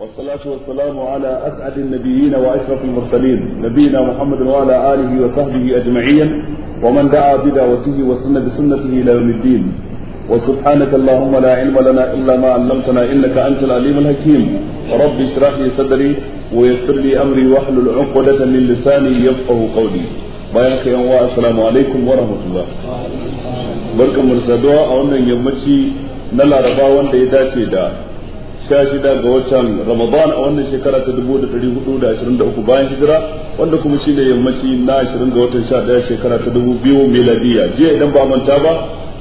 والصلاة والسلام على أسعد النبيين وأشرف المرسلين نبينا محمد وعلى آله وصحبه أجمعين ومن دعا بدعوته وسن بسنته إلى يوم الدين وسبحانك اللهم لا علم لنا إلا ما علمتنا إنك أنت العليم الحكيم رب اشرح لي صدري ويسر لي أمري واحلل عقدة من لساني يفقه قولي bayan ka yan wa assalamu alaikum wa rahmatullah barkan mu a wannan yammaci na laraba wanda ya dace da sha shida ga watan Ramadan a wannan shekara ta dubu da ɗari hudu da ashirin da uku bayan hijira wanda kuma shi ne yammaci na ashirin ga watan sha ɗaya shekara ta dubu biyu miladiya jiya idan ba manta ba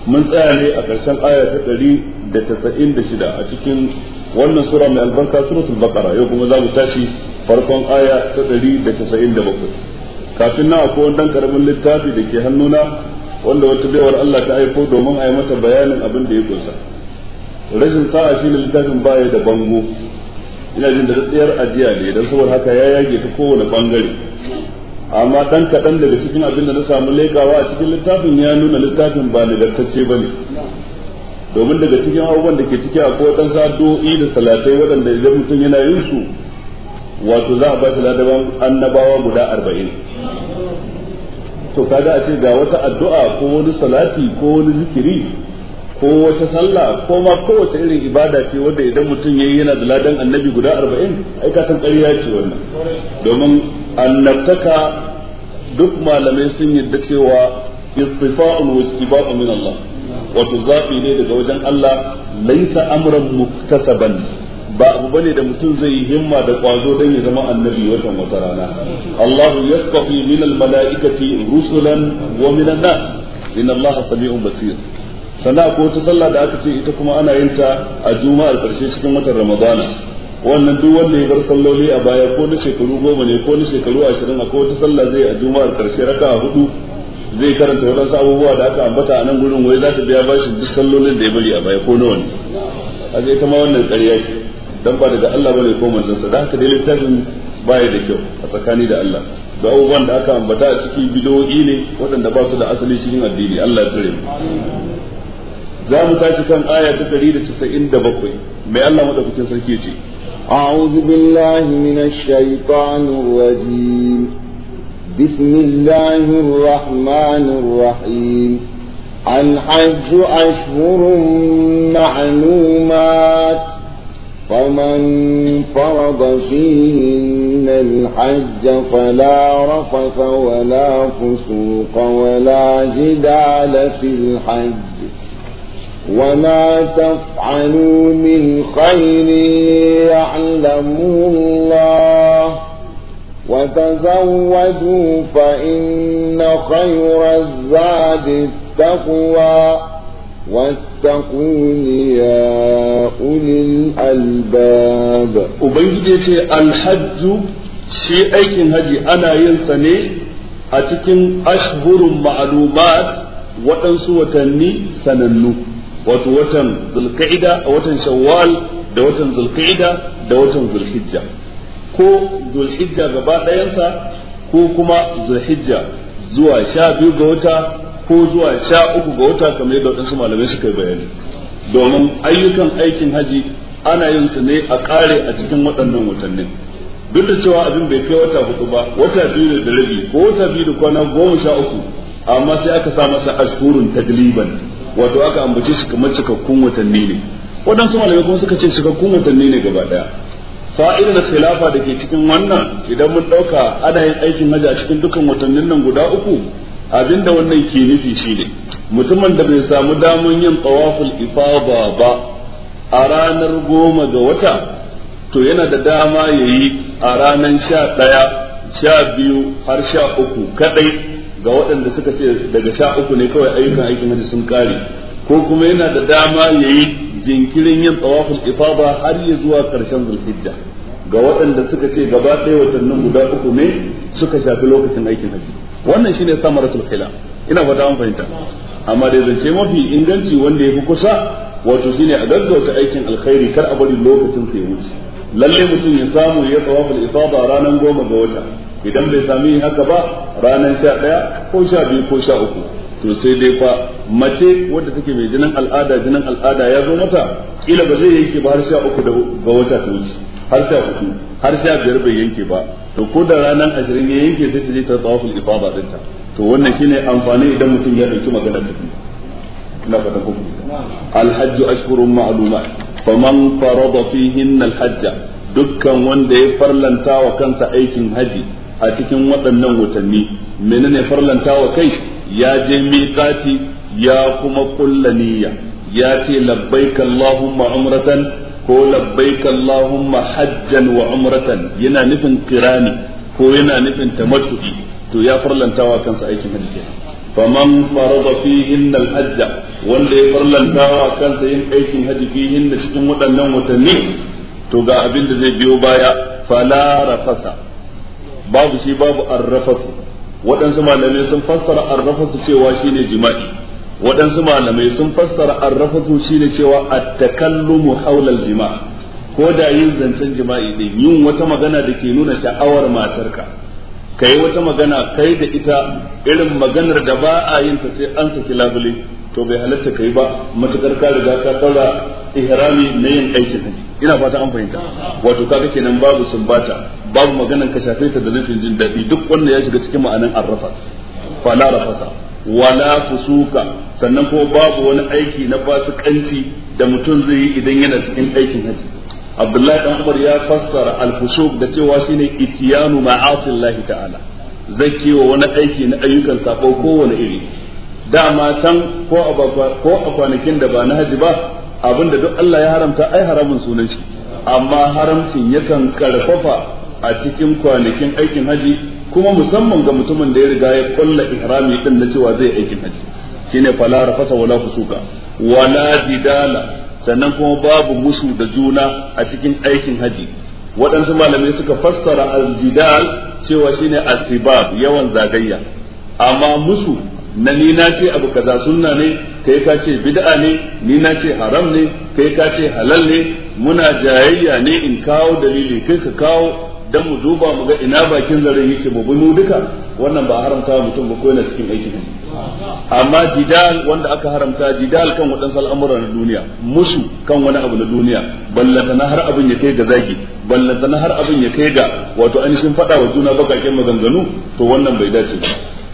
mun tsaya ne a ƙarshen aya ta ɗari da tasa'in da shida a cikin wannan sura mai albarka suratul baqara yau kuma za mu tashi farkon aya ta ɗari da tasa'in da bakwai kafin na akwai wani ɗan ƙaramin littafi da ke hannuna wanda wata baiwar Allah ta aiko domin a yi mata bayanin abin da ya kunsa. rashin sa'a shi ne littafin baya da bango ina jin da tsayar ajiya ne dan saboda haka ya yage ta kowane bangare amma dan kaɗan daga cikin abin da na samu laikawa a cikin littafin ya nuna littafin ba nagartacce ba ne domin daga cikin abubuwan da ke ciki akwai ɗan sa'adoi da salatai waɗanda idan mutum yana yin su wato za a ba shi ladaban annabawa guda arba'in to kaga a ce ga wata addu'a ko wani salati ko wani zikiri ko wata sallah ko ma kowace irin ibada ce wanda idan mutum yayi yana da ladan annabi guda 40 ai ka san ƙarya ce wannan domin annabtaka duk malamai sun yadda cewa istifa'un wa istiba'un min Allah wato zafi ne daga wajen Allah laisa amran muktasaban ba abu bane da mutum zai yi himma da kwazo dan ya zama annabi watan wata rana Allah yasqi min al-mala'ikati rusulan wa min an-nas inna Allah sami'un basir sannan akwai wata sallah da aka ce ita kuma ana yin ta a juma'ar karshe cikin watan ramadana wannan duk wanda ya bar salloli a baya ko na shekaru goma ne ko na shekaru ashirin akwai wata sallah zai a juma'ar karshe raka a hudu zai karanta wadansu abubuwa da aka ambata a nan gurin wai za ta biya bashi duk sallolin da ya bari a baya ko nawa ne a zai ta ma wannan ƙarya ce dan ba daga Allah bane ko manzansa da haka dai littafin baya da kyau a tsakani da Allah da abubuwan da aka ambata a cikin bidoyi ne waɗanda ba su da asali cikin addini Allah ya tsare mu za mu tashi kan aya ta 197 mai Allah madaukakin sarki ce أعوذ بالله من الشيطان الرجيم بسم الله الرحمن الرحيم الحج أشهر معلومات فمن فرض فيهن الحج فلا رفث ولا فسوق ولا جدال في الحج وما تفعلوا من خير يعلمه الله وتزودوا فإن خير الزاد التقوى واتقون يا أولي الألباب وبيجي الحج شيء أيكن هدي أنا ينسني أتكن أشهر معلومات waɗansu watanni sanannu wato watan zulqa'ida a watan shawwal da watan zulqa'ida da watan zulhijja ko zulhijja gaba ɗayansa ko kuma zulhijja zuwa sha biyu ga wata ko zuwa sha uku ga wata kamar yadda waɗansu malamai suka bayani domin ayyukan aikin haji ana yin su ne a ƙare a cikin waɗannan watanni. duk da cewa abin bai kai wata hudu ba wata biyu da rabi ko wata biyu da kwana goma sha uku amma sai aka sa masa ashurun tagliban wato aka ambace su kamar cikakkun watanni ne waɗansu malamai kuma suka ce cikakkun watanni ne gaba ɗaya da khilafa da ke cikin wannan idan mun ɗauka ana yin aikin hajji a cikin dukkan watannin nan guda uku abinda wannan ke nufi shine mutumin da bai samu damun yin tawaful ifada ba a ranar goma ga wata to yana da dama ya yi a ranar sha ɗaya sha biyu har sha uku kaɗai ga waɗanda suka ce daga sha uku ne kawai ayyukan aikin hajji sun ƙare ko kuma yana da dama yi jinkirin yin tsawafin ifada har ya zuwa karshen zulhijja ga waɗanda suka ce gaba ɗaya watannin guda uku ne suka shafi lokacin aikin haji wannan shine samaratul khilaf ina fata an fahimta amma da zance mafi inganci wanda ya fi kusa wato shine a gaggauta aikin alkhairi kar a bari lokacin sai wuce lalle mutum ya samu ya tsawafin ifada ranar goma ga wata idan bai sami haka ba ranar sha ɗaya ko sha biyu ko sha uku to sai dai fa mace wadda take mai jinin al'ada jinin al'ada ya zo mata kila ba zai yanke ba har sha uku da ga wata ta wuce har sha uku har sha biyar bai yanke ba to ko da ranar ashirin ya yanke sai ta je ta tsawafin ifada to wannan shine amfani idan mutum ya ɗauki magana ta na fata ku alhajju ashhurun ma'lumat faman farada fihinna alhajja dukkan wanda ya farlanta wa kansa aikin haji a cikin waɗannan watanni menene farlanta wa kai ya je miqati ya kuma kulla niyya ya ce labbaik allahumma umratan ko labbaik allahumma hajjan wa umratan yana nufin kirani ko yana nufin tamattu'i to ya farlantawa kansa aikin hajji kenan faman farada fihin al-hajja wanda ya farlantawa kansa yin aikin hajji fihin da cikin waɗannan watanni to ga abin da zai biyo baya fala rafasa babu shi babu arrafasu waɗansu malamai sun fassara arrafatu cewa shine jima'i waɗansu malamai sun fassara arrafatu shine cewa at-takallumu hawla al-jima' ko da yin zancen jima'i din yin wata magana da ke nuna sha'awar matarka kai wata magana kai da ita irin maganar da ba a yin ta sai an saki labule to bai halatta kai ba matukar ka riga ka tsara ihrami na yin aikin haji ina fata an fahimta wato kaga kenan babu sumbata babu maganan ka shafe ta da nufin jin daɗi duk wanda ya shiga cikin ma'anan arrafa fala rafata wala kusuka sannan ko babu wani aiki na fasikanci da mutum zai yi idan yana cikin aikin haji abdullahi dan umar ya fassara al kusuk da cewa shine itiyanu allah ta'ala zakewa wani aiki na ayyukan sabo kowane iri dama can ko a kwanakin da ba na haji ba abinda duk Allah ya haramta ai haramun sunan shi amma haramcin yakan karfafa a cikin kwanakin aikin haji kuma musamman ga mutumin da ya riga ya kulla ihrami din na cewa zai aikin haji shine fala rafasa wala fusuka wala didala sannan kuma babu musu da juna a cikin aikin haji waɗansu malamai suka fassara al-jidal cewa shine al-sibab yawan zagayya amma musu na ni na ce abu kaza sunna ne kai ka ce bid'a ne ni na ce haram ne kai ka ce halal ne muna jayayya ne in kawo dalili kai ka kawo dan mu duba mu ga ina bakin zaren yake mu bunu duka wannan ba haramta mutum ba ko cikin aikin amma jidal wanda aka haramta jidal kan waɗansu al'amura na duniya musu kan wani abu na duniya ballata na har abin ya kai ga zagi ballata na har abin ya kai ga wato ainihin faɗa wa juna bakaken maganganu to wannan bai dace ba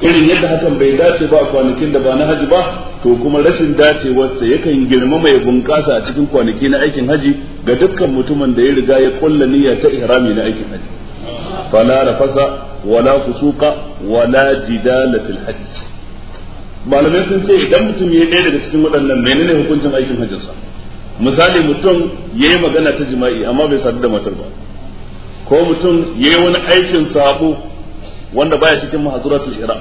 irin yadda hakan bai dace ba a kwanakin da ba na haji ba to kuma rashin dacewarsa yakan girma mai bunƙasa a cikin kwanaki na aikin haji ga dukkan mutumin da ya riga ya kulla niyya ta ihrami na aikin haji fala rafasa wala kusuka wala jidala fil hajj malamai sun ce idan mutum ya ɗaya daga cikin waɗannan menene hukuncin aikin hajjinsa misali mutum ya yi magana ta jima'i amma bai sadu da matar ba ko mutum ya yi wani aikin sabo wanda baya cikin mahazuratul ira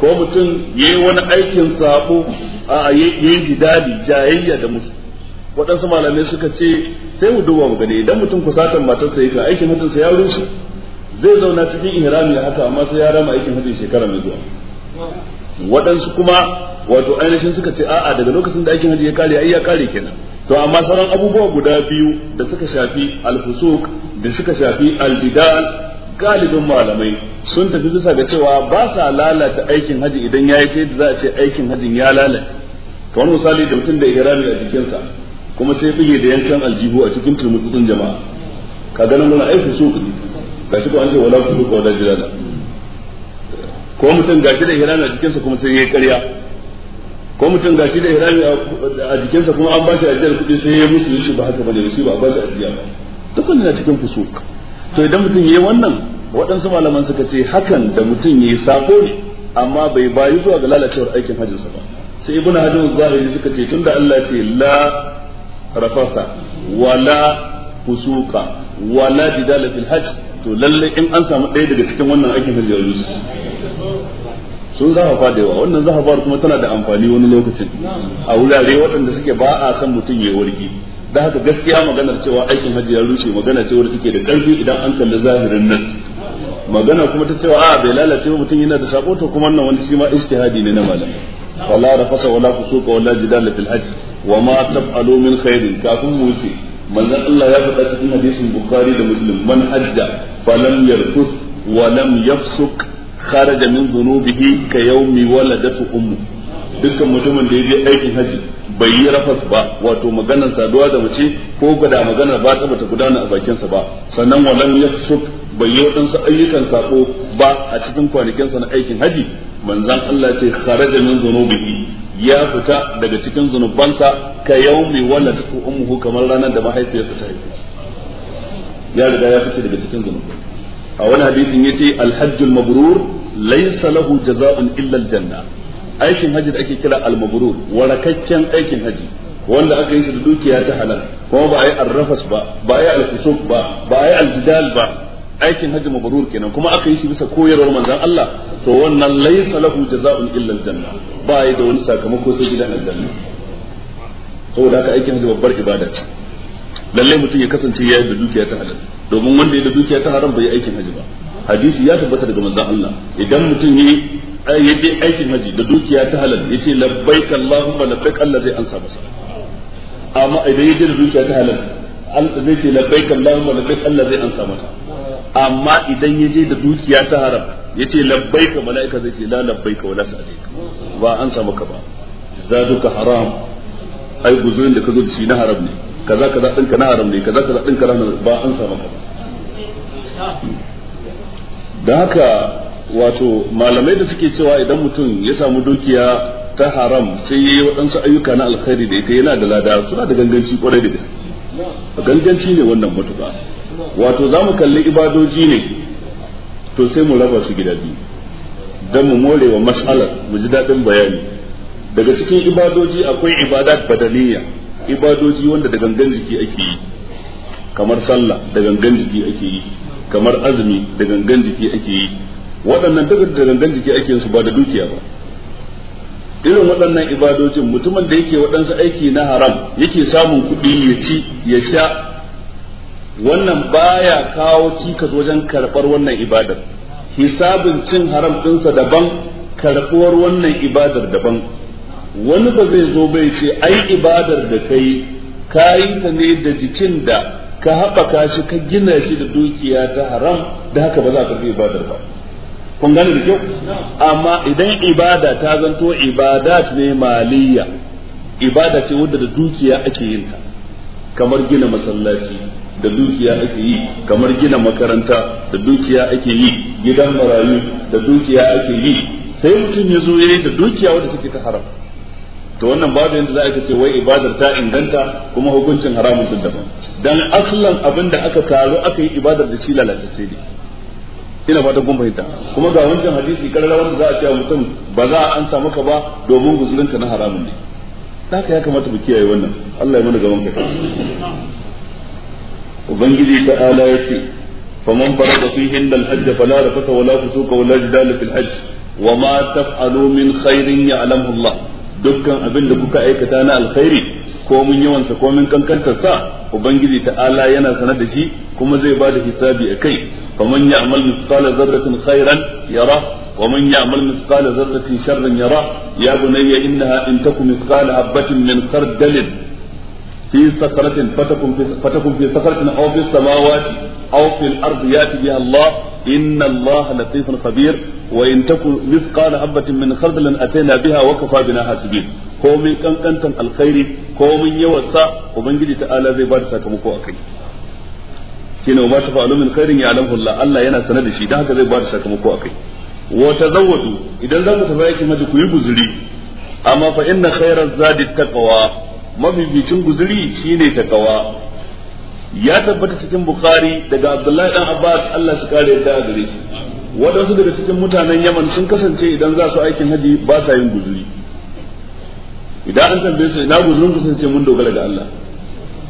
ko mutum yayi wani aikin sabo a yayi jidali jayayya da musu waɗansu malamai suka ce sai mu duba mu gani idan mutum kusatan matarsa yake aikin mutunsa ya rushe zai zauna cikin ihrami haka amma sai ya rama aikin hajji shekara mai zuwa waɗansu kuma wato ainihin suka ce a'a daga lokacin da aikin hajji ya kare ai ya kare kenan to amma sauran abubuwa guda biyu da suka shafi al da suka shafi al bidal galibin malamai sun tafi bisa ga cewa ba sa lalata aikin haji idan ya yi ta yadda za a ce aikin hajin ya lalace to wani misali da mutum da ihrami a jikinsa kuma sai bige da yankan aljihu a cikin turmutsutsun jama'a ka ganin muna aiki su kudi ga shi ko an ce wala kudu ko da jirana ko mutum shi da ihrami a jikinsa kuma sai ya yi karya ko mutum shi da ihrami a jikinsa kuma an ba shi ajiyar kuɗi sai ya musu shi ba haka bane shi ba a ba shi ajiya ba dukkan na cikin fusuk to idan mutum yi wannan waɗansu malaman suka ce hakan da mutum yayi sako ne amma bai bayi zuwa ga lalacewar aikin sa ba sai ibnu hajar zahiri suka ce tunda Allah ce la rafasa wala fusuka wala jidala fil hajj to lalle in an samu ɗaya daga cikin wannan aikin hajji yanzu sun zafa da yawa wannan zahafar kuma tana da amfani wani lokacin a wurare waɗanda suke ba a san mutum ya yi warki da haka gaskiya maganar cewa aikin hajji ya rushe magana ce wadda take da karfi idan an kalli zahirin nan magana kuma ta cewa a bai lalace ba mutum yana da sako to kuma wannan wani shi ma ijtihadi ne na malamai wala rafasa wala kusuka wala jidala fil hajj wa ma taf'alu min khairin kafin mu wuce manzon Allah ya faɗa cikin hadisin Bukhari da Muslim man hajja falam yarfus wa lam yafsuk kharaja min dhunubihi ka yawmi waladatu ummu dukkan mutumin da ya bi aikin hajji bai yi rafas ba wato maganar saduwa da mace ko gada maganar ba ta bata gudana a bakinsa ba sannan walam yafsuk bai yi waɗansu ayyukan sako ba a cikin kwanakinsa na aikin haji manzon Allah ce kharaja min dhunubihi ya fita daga cikin zunubansa ka yaumi waladatu ummuhu kamar ranar da mahaifiyarsa ta haife ya riga ya fita daga cikin zunubi a wani hadisin yace ce hajjul mabrur laysa lahu jaza'un illa al-janna aikin haji da ake kira al-mabrur warakaccen aikin haji wanda aka yi shi da dukiya ta halal kuma ba a yi arrafas ba ba a yi alkusuk ba ba a yi aljidal ba aikin hajji mabrur kenan kuma aka yi shi bisa koyarwar manzon Allah to wannan laysa lahu jazaa'un illa aljanna ba yi da wani sakamako sai gidan aljanna saboda haka aikin hajji babbar ibada ce lalle mutum ya kasance ya yi da dukiya ta halal domin wanda ya da dukiya ta haram bai yi aikin hajji ba hadisi ya tabbata daga manzon Allah idan mutum ya. ya yaje aikin haji da dukiya ta halal yace labbaik allahumma labbaik Allah zai ansa masa amma idan yaje da dukiya ta halal zai ce labbaik allahumma labbaik Allah zai ansa masa amma idan ya yaje da dukiya ta haram ya yace labbaik malaika zai ce la labbaik wala sa'dik ba ansa maka ba zaduka haram ai guzurin da ka zo da shi na haram ne kaza kaza dinka na haram ne kaza kaza dinka na haram ba an samu ba. da haka wato malamai da suke cewa idan mutum ya samu dukiya ta haram sai yi waɗansu ayyuka na alkhairi da ita yana da lada suna da ganganci kwarai da gaske ganganci ne wannan mutuka wato za mu kalli ibadoji ne to sai mu raba su gida biyu don mu more wa mas'alar mu ji daɗin bayani daga cikin ibadoji akwai ibadat badaniya ibadoji wanda da gangan jiki ake yi kamar sallah da gangan jiki ake yi kamar azumi da gangan jiki ake yi waɗannan duk da dangan jiki ake su ba da dukiya ba irin waɗannan ibadocin mutumin da yake waɗansu aiki na haram yake samun kuɗi ya ci ya sha wannan baya kawo cikas wajen karɓar wannan ibadar hisabin cin haram ɗinsa daban karɓuwar wannan ibadar daban wani ba zai zo bai ce ai ibadar da kai kayi ta ne da jikin da ka haɓaka shi ka gina shi da dukiya ta haram da haka ba za ka karɓi ibadar ba kun gane da kyau amma idan ibada ta zanto ibadat ne maliyya ibada ce wadda da dukiya ake yin ta kamar gina masallaci da dukiya ake yi kamar gina makaranta da dukiya ake yi gidan marayu da dukiya ake yi sai mutum ya zo ya yi da dukiya wadda take ta haram to wannan babu yadda za a ce wai ibadar ta inganta kuma hukuncin haramun sun daban dan aslan abin da aka taru aka yi ibadar da shi lalatacce ne ina fatan kun fahimta kuma ga wancan hadisi karara wanda za a ce mutum ba za a an samu ba domin guzurinka na haramun ne haka ya kamata mu kiyaye wannan Allah ya mana gaban ka ubangiji ta ala yace faman fi fihin dal hajj fala rafata wala fusuka wala jidala fil hajj ma taf'alu min khairin ya'lamu allah. dukkan abin da kuka aikata na alkhairi ko mun yawansa ko mun kankantar sa ubangiji ta'ala yana sanar da shi kuma zai bada hisabi a kai faman ya'mal mithqala dharratin khairan yara ومن يعمل مثقال ذرة شرا يره wa in taku mithqala habatin min khardalin ataina biha wa kafa bina hasibin ko min kankantan alkhairi ko min yawarsa ubangiji ta'ala zai ba da sakamako akai shine wa ma tafa'alu min khairin ya'lamu Allah Allah yana sanar da shi dan haka zai ba da sakamako akai wa tazawwadu idan za ku tafi aikin hajji ku yi guzuri amma fa inna khairaz zadi taqwa mabibicin guzuri shine taqwa ya tabbatar cikin bukhari daga abdullahi dan abbas Allah su kare da gare shi waɗansu daga cikin mutanen yaman sun kasance idan za su aikin haji ba sa yin guzuri idan an tambaye su ina guzurin ku sun ce mun dogara ga Allah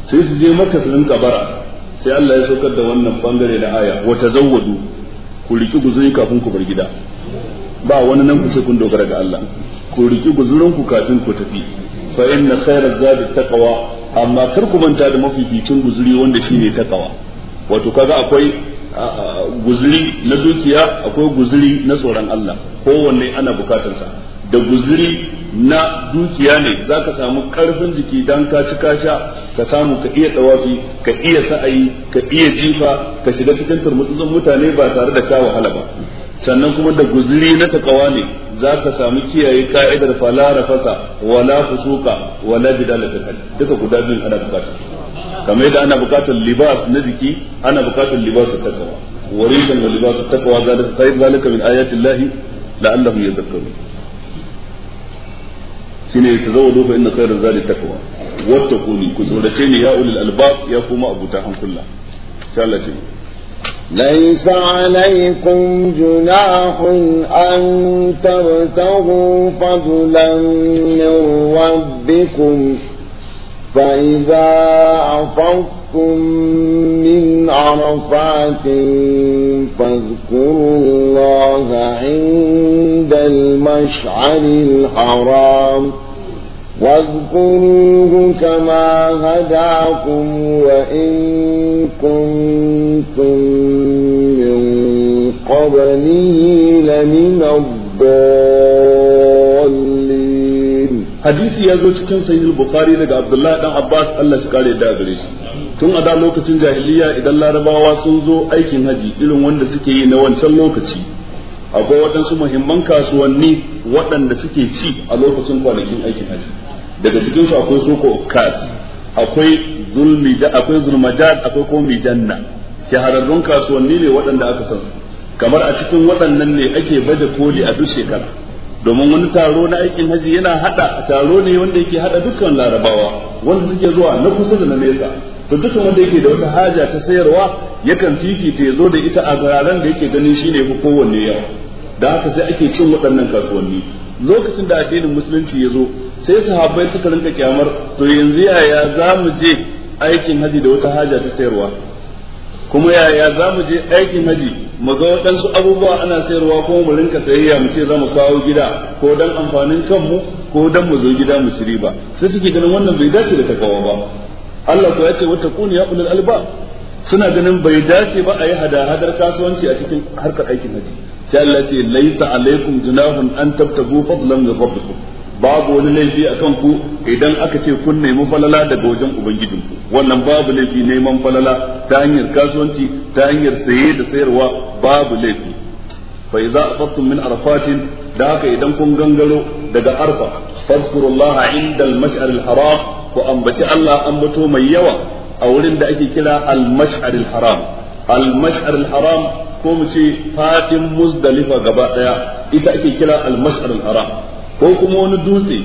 sai su je maka su rinka bara sai Allah ya saukar da wannan bangare da aya wa tazawwadu ku riki guzuri kafin ku bar gida ba wani nan ku ce kun dogara ga Allah ku riki guzurin ku kafin ku tafi fa inna khayra zadi taqwa amma karku manta da mafificin guzuri wanda shine taqwa wato kaga akwai guzuri na dukiya akwai guzuri na tsoron Allah kowanne ana bukatarsa da guzuri na dukiya ne za ka samu karfin jiki don ka ci kasha ka samu ka iya tsawafi ka iya sa'ayi ka iya jifa ka shiga cikin turmutsutsun mutane ba tare da ka wahala ba sannan kuma da guzuri na takawa ne za ka samu kiyaye ka'idar fala rafasa wala fusuka wala bidala fil duka guda biyun ana bukatar kamar yadda ana buƙatar libas na jiki ana buƙatar libas ta takawa wa rizqan wa libas takawa zalika khayr zalika min ayati llahi la'allahum yadhakkarun shine tazawwadu fa inna khayra zadi taqwa wattaquni ku tsorace ni ya ulul albab ya kuma abuta hankula insha Allah ce ليس عليكم جناح أن تبتغوا فضلا من ربكم فإذا أفضتم من عرفات فاذكروا الله عند المشعر الحرام واذكروه كما هداكم وإن كنتم من قبله لمن الضالين hadisi ya zo cikin sahih bukhari daga abdullahi dan abbas Allah shi kare da gare shi tun a da lokacin jahiliya idan larabawa sun zo aikin haji irin wanda suke yi na wancan lokaci akwai waɗansu muhimman kasuwanni waɗanda suke ci a lokacin kwanakin aikin haji daga cikin su akwai soko kas akwai zulmi akwai zulmajad akwai ko mijanna shahararrun kasuwanni ne waɗanda aka san kamar a cikin waɗannan ne ake baje koli a duk shekara domin wani taro na aikin haji yana hada taro ne wanda yake hada dukkan larabawa wanda suke zuwa na kusa da na nesa to dukkan wanda yake da wata haja ta sayarwa yakan fifita ya zo da ita a gararen da yake ganin shine ko kowanne yawa da haka sai ake cin waɗannan kasuwanni lokacin da addinin musulunci ya zo sai sahabbai suka rinka kyamar to yanzu yaya za mu je aikin haji da wata haja ta sayarwa kuma yaya za mu je aikin haji mu ga waɗansu abubuwa ana sayarwa kuma mu rinka sayayya mu ce za mu kawo gida ko dan amfanin kanmu ko dan mu zo gida mu shiri ba sai suke ganin wannan bai dace da takawa ba Allah ko ya ce wata kuni ya ulul alba suna ganin bai dace ba a yi hada-hadar kasuwanci a cikin harkar aikin haji sai Allah ce laisa alaikum junahun an tabtabu fadlan min rabbikum babu wani laifi akan ku idan aka ce kun nemi falala daga wajen ubangijinku wannan babu laifi neman falala ta hanyar kasuwanci ta hanyar saye da sayarwa babu laifi fa idza afattum min arafatin da haka idan kun gangaro daga arfa fadkurullaha inda al-mash'ar al-haram ku ambaci Allah ambato mai yawa a wurin da ake kira al-mash'ar al-haram al-mash'ar al-haram ko mu ce fadin muzdalifa gaba daya ita ake kira al-mash'ar al-haram ko kuma wani dutse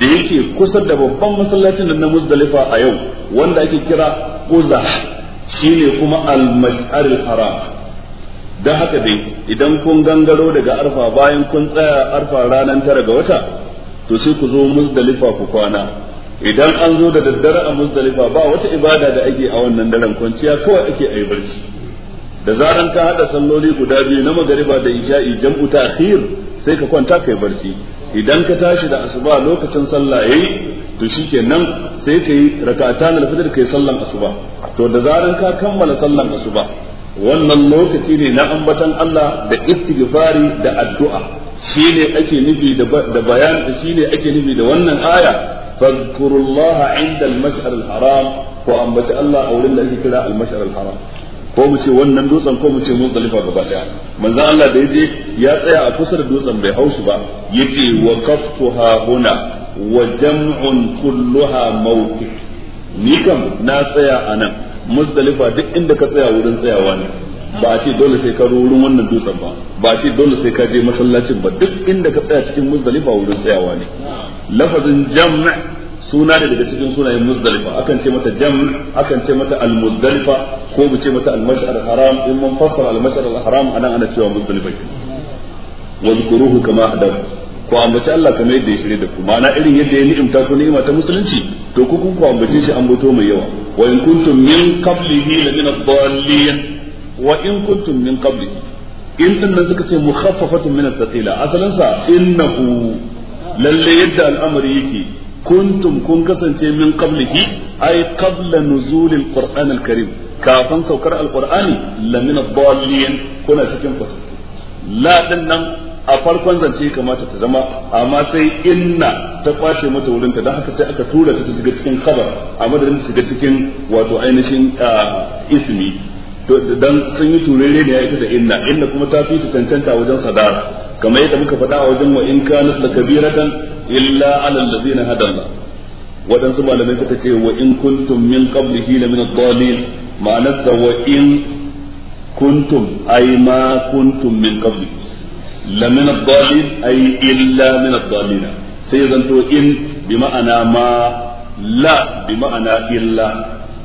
da yake kusa da babban masallacin da na muzdalifa a yau wanda ake kira kuza shine kuma al haram da haka dai idan kun gangaro daga arfa bayan kun tsaya arfa ranar tara ga wata to sai ku zo muzdalifa ku kwana idan an zo da daddare a muzdalifa ba wata ibada da ake a wannan daren kwanciya kawai ake a yi barci da zaran ka hada salloli guda biyu na magariba da isha'i jam'u ta'khir sai ka kwanta kai barci idan ka tashi da asuba lokacin sallah yayi to shikenan sai ka yi rak'atan al-fajr kai sallan asuba to da zaran ka kammala sallan asuba wannan lokaci ne na ambatan Allah da istighfari da addu'a shine ake nufi da bayan shine ake nufi da wannan aya fadhkurullaha 'inda al-mash'ar al-haram ko ambaci Allah a wurin da ake kira al-mash'ar al-haram ko mu ce wannan dutsen ko mu ce muzdalifa gaba daya manzon Allah da yaje ya tsaya a kusa da dutsen bai hausu ba yace wa qaftuha huna wa jam'un kulluha mawqif ni kam na tsaya anan muzdalifa duk inda ka tsaya wurin tsayawa ne ba a ce dole sai ka rurun wannan dutsen ba ba a ce dole sai ka je masallacin ba duk inda ka tsaya cikin muzdalifa wurin tsayawa ne lafazin jam'a suna ne daga cikin sunayen muzdalifa akan ce mata jam akan ce mata al-muzdalifa ko mu ce mata al-mash'ar haram in mun fassara al haram anan ana cewa muzdalifa wa zkuruhu kama adam ko ambaci Allah kamar yadda ya shirye da ku ma'ana irin yadda ya ni'imta ku ni'ima ta musulunci to ku ku ambace shi ambato mai yawa wa in kuntum min qablihi la min ad-dallin wa in kuntum min qablihi in din nan suka ce mukhaffafatun min ath-thaqila asalan sa innahu lalle yadda al'amari yake kuntum kun kasance min qablihi ay qabla nuzul alquran alkarim kafin saukar alqur'ani lamin ad-dallin kuna cikin fasa la din nan a farkon zance kamata ta zama amma sai inna ta kwace mata wurinta don haka sai aka tura ta shiga cikin khabar a madadin shiga cikin wato ainihin ismi Don sun yi turere ne ya ita da inna inna kuma ta fi cancanta wajen sadara kamar yadda muka faɗa a wajen wa in kanat la kabiratan illa ala allazina hadalla wadansu malamai suka ce wa in kuntum min qablihi la min ad-dallin ma'anarsa wa in kuntum ay ma kuntum min qabli la min ad-dallin ay illa min ad-dallina sai zanto in bi ma'ana ma la bi ma'ana illa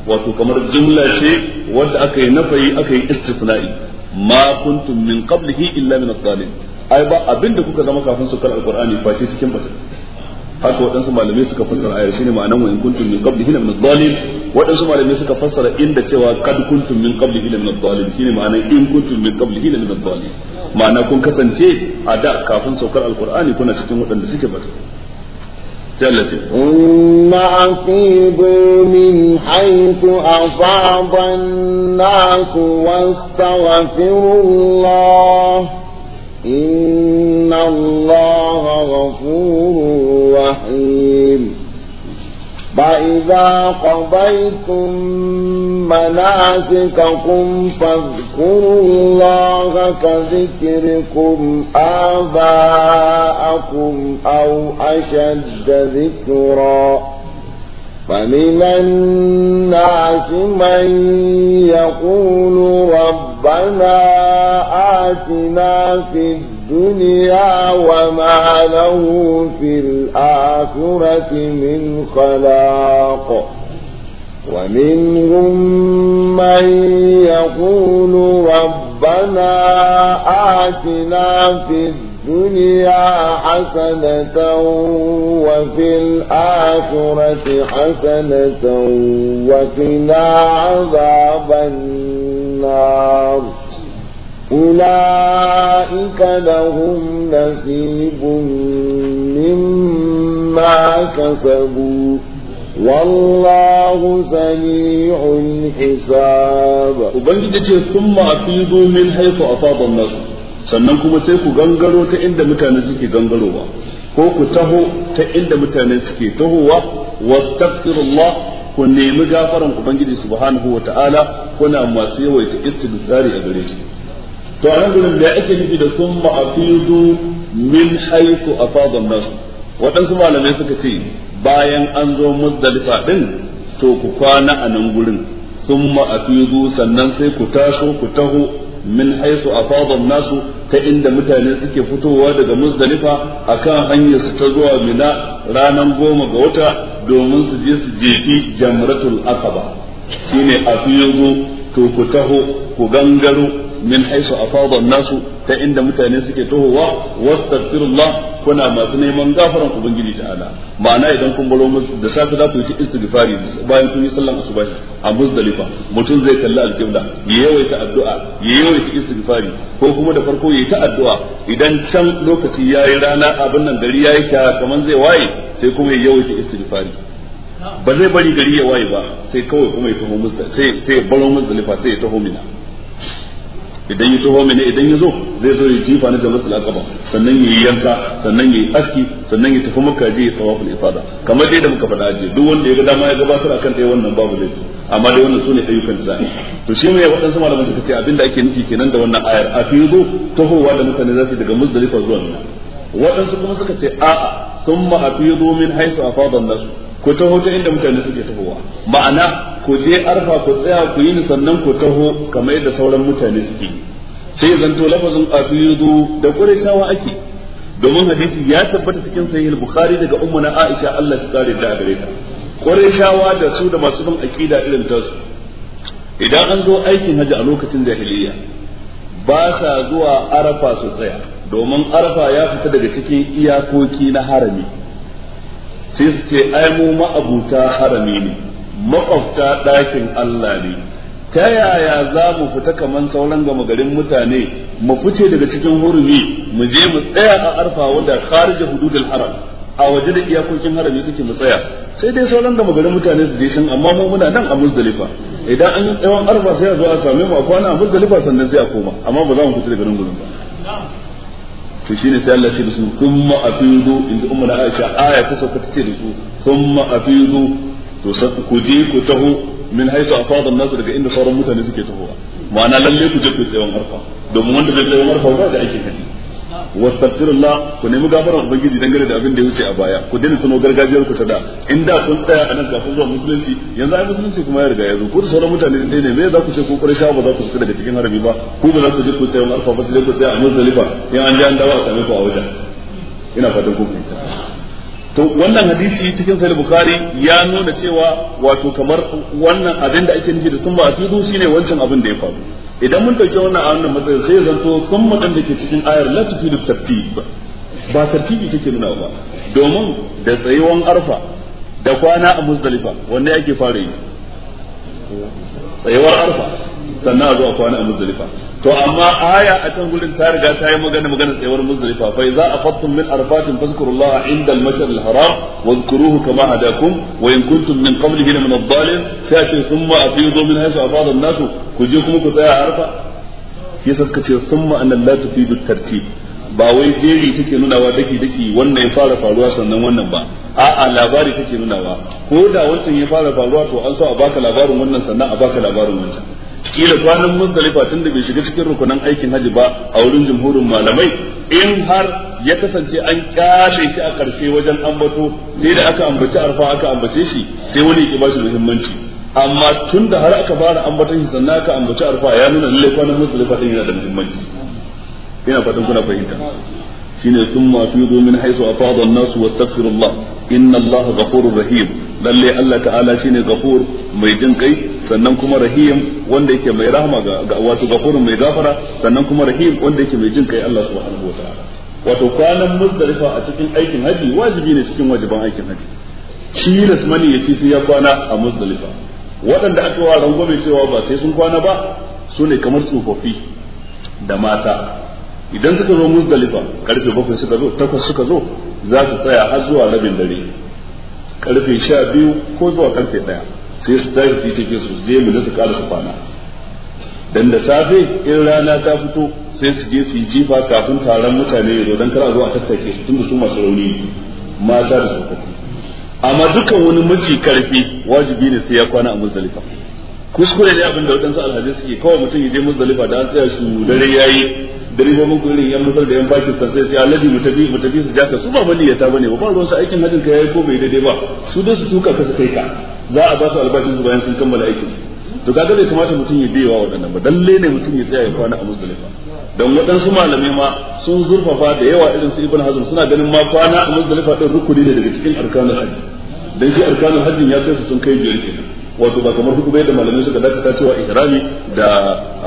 wato kamar jumla ce wanda aka yi nafayi aka yi istisna'i ma kuntum min qablihi illa min ad-dallin ai ba abinda kuka zama kafin su kar alqur'ani face cikin batun haka waɗansu malamai suka fassara ayar shine ma'anan wa in kuntum min qabli hina min ad-dhalin waɗansu malamai suka fassara inda cewa kad kuntum min qabli hina min ad-dhalin shine ma'anan in kuntum min qabli hina min ad-dhalin ma'ana kun kasance a da kafin saukar alqur'ani kuna cikin waɗanda suke bata جلتي ثم أفيضوا من حيث أصاب الناس واستغفروا الله inna الله غفور رحيم فإذا قضيتم مناسككم فاذكروا الله كذكركم آباءكم أو أشد ذكرًا فمن الناس من يقول ربنا آتنا في الدنيا الدنيا وما له في الآخرة من خلاق ومنهم من يقول ربنا آتنا في الدنيا حسنة وفي الآخرة حسنة وفينا عذاب النار أولئك لهم نصيب مما كسبوا والله سميع الحساب وبنجد ثم أفيدوا من حيث أفاض الناس sannan kuma sai ku gangaro ta inda mutane suke gangarowa ko ku taho ta inda mutane suke tahowa wastaghfirullah ku nemi gafaran ubangiji subhanahu wataala kuna masu yawaita istighfari a gare shi to a nan gurin da ake nufi da sun ma'afidu min haiku a fadon nasu waɗansu malamai suka ce bayan an zo muddalifa ɗin to ku kwana a nan gurin sun ma'afidu sannan sai ku taso ku taho min haisu a fadon nasu ta inda mutane suke fitowa daga a kan hanyar su ta zuwa mina ranar goma ga wata domin su je su jefi jamratul akaba shine afidu to ku taho ku gangaro min haisu afada nasu ta inda mutane suke tohowa wastaghfirullah kuna masu neman gafaran ubangiji ta'ala ma'ana idan kun baro da safe za ku yi istighfari bayan kun yi sallan asuba a muzdalifa mutum zai kalli alqibla ya yawaita addu'a ya yawaita istighfari ko kuma da farko yi ta addu'a idan can lokaci yayi rana abin nan gari yayi sha kaman zai waye sai kuma ya yawaita istighfari ba zai bari gari ya waye ba sai kawai kuma ya sai sai lifa sai ya taho mina idan ya taho mene idan ya zo zai zo ya jifa na jamratul aqaba sannan ya yanka sannan ya yi aski sannan ya tafi makka je ya tawaful ifada kamar dai da muka faɗa je duk wanda ya ga dama ya gabatar akan dai wannan babu zai amma dai wannan sune ayyukan zane. to shi mai waɗansu malaman suka ce abinda ake nufi kenan da wannan ayar a zo tahowa da mutane za su daga muzdalifa zuwa mina waɗansu kuma suka ce a'a thumma zo min haisu a an-nasu ku taho ta inda mutane suke tahowa ma'ana ku je arfa ku tsaya ku yi sannan ku taho kamar yadda sauran mutane suke sai zanto lafazin afiru da quraishawa ake domin hadisi ya tabbata cikin sahih bukhari daga ummu na aisha Allah ya kare da gare ta da su da masu bin aqida irin tasu idan an zo aikin haji a lokacin jahiliya ba sa zuwa arfa su tsaya domin arfa ya fita daga cikin iyakoki na harami sai su ce ai mu ma'abuta harami ne makwabta ɗakin Allah ne ta yaya za mu fita kaman sauran gama garin mutane mu fice daga cikin hurumi mu je mu tsaya a arfa wanda kharija hududul haram a waje da iyakokin harami suke mu tsaya sai dai sauran gama garin mutane su je sun amma mu muna nan a muzdalifa idan an yi tsawon arfa sai a zo a same mu a kwana a muzdalifa sannan sai a koma amma ba za mu fita daga nan gurin ba to shine sai Allah ce da su kuma afidu inda da na Aisha aya ta sauka ta ce da su kuma afidu to ku je ku taho min haisu afada nasu daga inda sauran mutane suke tahowa ma'ana lalle ku je ku tsayon arfa domin wanda zai tsayon arfa ba da ake kaji wastaghfirullah ku nemi gafarar ubangiji dangane da abin da ya wuce a baya ku dena sano gargajiyar ku ta da in da kun tsaya a nan kafin zuwa musulunci yanzu ai musulunci kuma ya riga ya zo ku da sauran mutane da ne me za ku ce ku kure ba za ku fita daga cikin harami ba ku ba za ku je ku tsaya arfa ba sai ku tsaya a musulunci in an je an dawo a same ku a wajen ina fatan ku fahimta to wannan hadisi cikin sahih bukhari ya nuna cewa wato kamar wannan abin da ake nufi da sun ba asidu shine wancan abin da ya faru idan mun dauki wannan a wannan matsayin sai zanto kun madan da ke cikin ayar la tufidu tartib ba tartibi take nuna ba domin da tsayuwan arfa da kwana a muzdalifa wanda yake fara yi tsayuwar arfa sannan a zuwa a kwana a muzdalifa to amma aya a can gurin ta riga ta yi magana magana tsayawar muzdalifa fa idza afattum min arfatin fazkurullah inda al-mashar al-haram wa dhkuruhu kama hadakum wa in kuntum min qablihi min ad-dallin sai ce thumma afidu min haythu afada an-nas ku je kuma ku tsaya a arfa shi yasa suka ce thumma an la tufidu tartib ba wai jeri take nunawa daki daki wannan ya fara faruwa sannan wannan ba a'a labari take nunawa ko da wancan ya fara faruwa to an so a baka labarin wannan sannan a baka labarin wancan kila kwanan muzdalifa tun da bai shiga cikin rukunan aikin haji ba a wurin jumhurin malamai in har ya kasance an kyale shi a karshe wajen ambato sai da aka ambaci arfa aka ambace shi sai wani ya ba shi muhimmanci amma tun da har aka fara ambaton shi sannan aka ambaci arfa ya nuna lallai kwanan muzdalifa din yana da muhimmanci ina fatan kuna fahimta shine thumma tuzu min haythu afada an-nas wastaghfirullah inna allaha ghafurur rahim lalle Allah ta'ala shine gafur mai jin kai sannan kuma rahim wanda yake mai rahama ga wato gafur mai gafara sannan kuma rahim wanda yake mai jin kai Allah subhanahu wataala ta'ala wato kwanan muzdalifa a cikin aikin haji wajibi ne cikin wajiban aikin haji shi lasmani ya ce sai ya kwana a muzdalifa waɗanda aka wa rangwame cewa ba sai sun kwana ba su ne kamar tsofaffi da mata idan suka zo muzdalifa karfe bakwai suka zo takwas suka zo za su tsaya har zuwa rabin dare karfe sha biyu ko zuwa karfe ɗaya sai su tafi su yi su je mu su ƙara su kwana dan da safe in rana ta fito sai su je su yi jifa kafin taron mutane ya zo dan kar a zo a tattake su tunda su masu rauni mata da tsofaffi amma dukkan wani miji karfi wajibi ne sai ya kwana a muzdalifa kuskure ne abin da waɗansu alhaji suke kawai mutum ya je muzdalifa da an tsaya su dare yi dare ba muku irin yan masar da yan pakistan sai ce alhaji mu tafi mu tafi su jaka su ba ta bane ba ba ruwan su aikin hajin ka yayi ko bai daidai ba su dai su tuka ka su kai ka za a ba su albashin su bayan sun kammala aikin to kaga bai kamata mutum ya biyewa waɗannan ba dalle ne mutum ya tsaya ya kwana a muzdalifa don waɗansu malamai ma sun zurfafa da yawa irin su ibn hazm suna ganin ma kwana a muzdalifa din rukuni ne daga cikin arkanul hajji dan shi arkanul hajjin ya kai su sun kai biyar kenan wato ba kamar hukumai da malamai suka dakata cewa ihrami da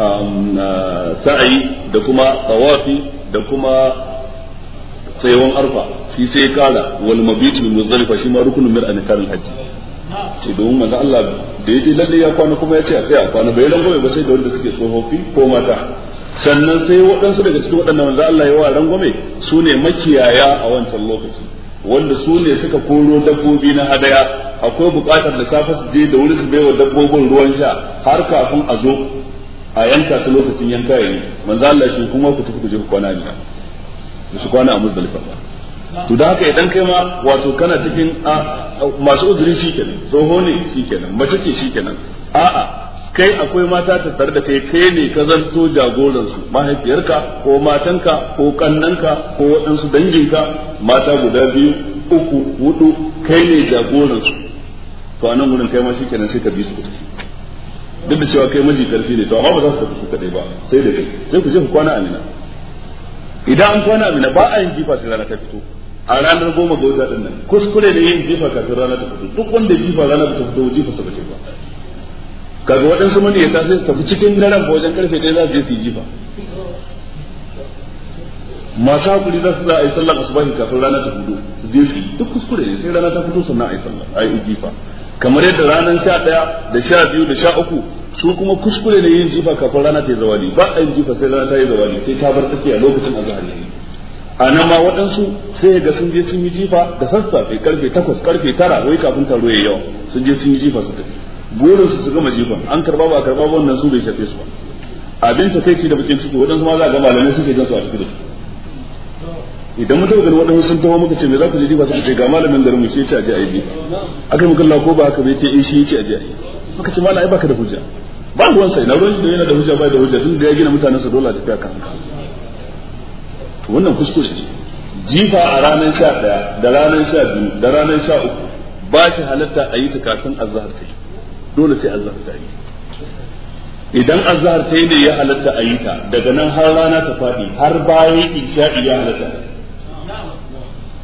um, uh, sa'ayi da kuma tawafi da kuma tsayawan arfa shi sai kala wal mabitu min muzdalifa shi ma rukunin mir anikarul haji ce domin manzo Allah da yake lalle ya kwana kuma ya ce a tsaya kwana bai rango ba sai da wanda suke tsofaffi ko mata sannan sai waɗansu daga cikin waɗannan manzo Allah ya wa rangwame su ne makiyaya a wancan lokaci wanda su ne suka koro dabbobi na hadaya akwai buƙatar da safe su je da wuri su baiwa dabbobin ruwan sha har kafin a zo a yanka su lokacin yanka yayi manzo Allah shi kuma ku tafi ku je ku kwana ne ku su kwana a Muzdalifa to da haka idan kai ma wato kana cikin a masu uzuri shikenan tsoho ne shikenan mace ce shikenan a'a kai akwai mata tattare da kai kai ne ka zanto jagoransu mahaifiyarka ko matanka ko kannanka ko waɗansu danginka mata guda biyu uku hudu kai ne jagoransu to a nan gurin kai ma shikenan sai ka bi su duk da cewa kai maji karfi ne to amma ba za su tafi su kadai ba sai da kai sai ku je ku kwana amina idan an kwana amina ba a yin jifa sai rana ta fito a ranar goma ga wata din nan kuskure da yin jifa kafin rana ta fito duk wanda jifa rana ta fito jifa sa ba ba kaga waɗansu mani ya ta sai tafi cikin daren ba wajen karfe ɗaya za su je su yi jifa masu hakuri za su za a yi sallar asubahi kafin rana ta fito su je su duk kuskure ne sai rana ta fito sannan a yi sallar a yi jifa kamar yadda ranar sha ɗaya da sha biyu da sha uku su kuma kuskure ne yin jifa kafin rana ta yi zawali ba a yin jifa sai rana ta yi zawali sai ta bar tsakiya lokacin azhar ne a nan ma waɗansu sai ga sun je sun yi jifa da sassafe karfe takwas karfe tara wai kafin taro ya yawa sun je sun yi jifa su tafi burin su su gama jifan an karba ba karba ba wannan su bai shafe su ba abin ta kai ci da bakin ciki waɗansu ma za a ga malamai suke jan su a cikin da su idan mutum ga waɗansu sun taho muka ce me za ku je jifa suka ce ga malamin garin mu shi yace aje aje aka yi kalla ko ba haka bai ce in eh, shi yace aje aje muka ce malai baka da hujja ba ruwan sai na ruwan shi da yana da hujja ba da hujja tun da ya gina mutanen sa dole da kan to wannan kuskure ne jifa a ranar sha ɗaya da ranar sha biyu da ranar sha uku ba shi halatta a yi ta kafin azhar ta yi dole sai azhar ta yi idan azhar ta yi ne ya halatta a yi ta daga nan har rana ta faɗi har bayan isha'i ya halatta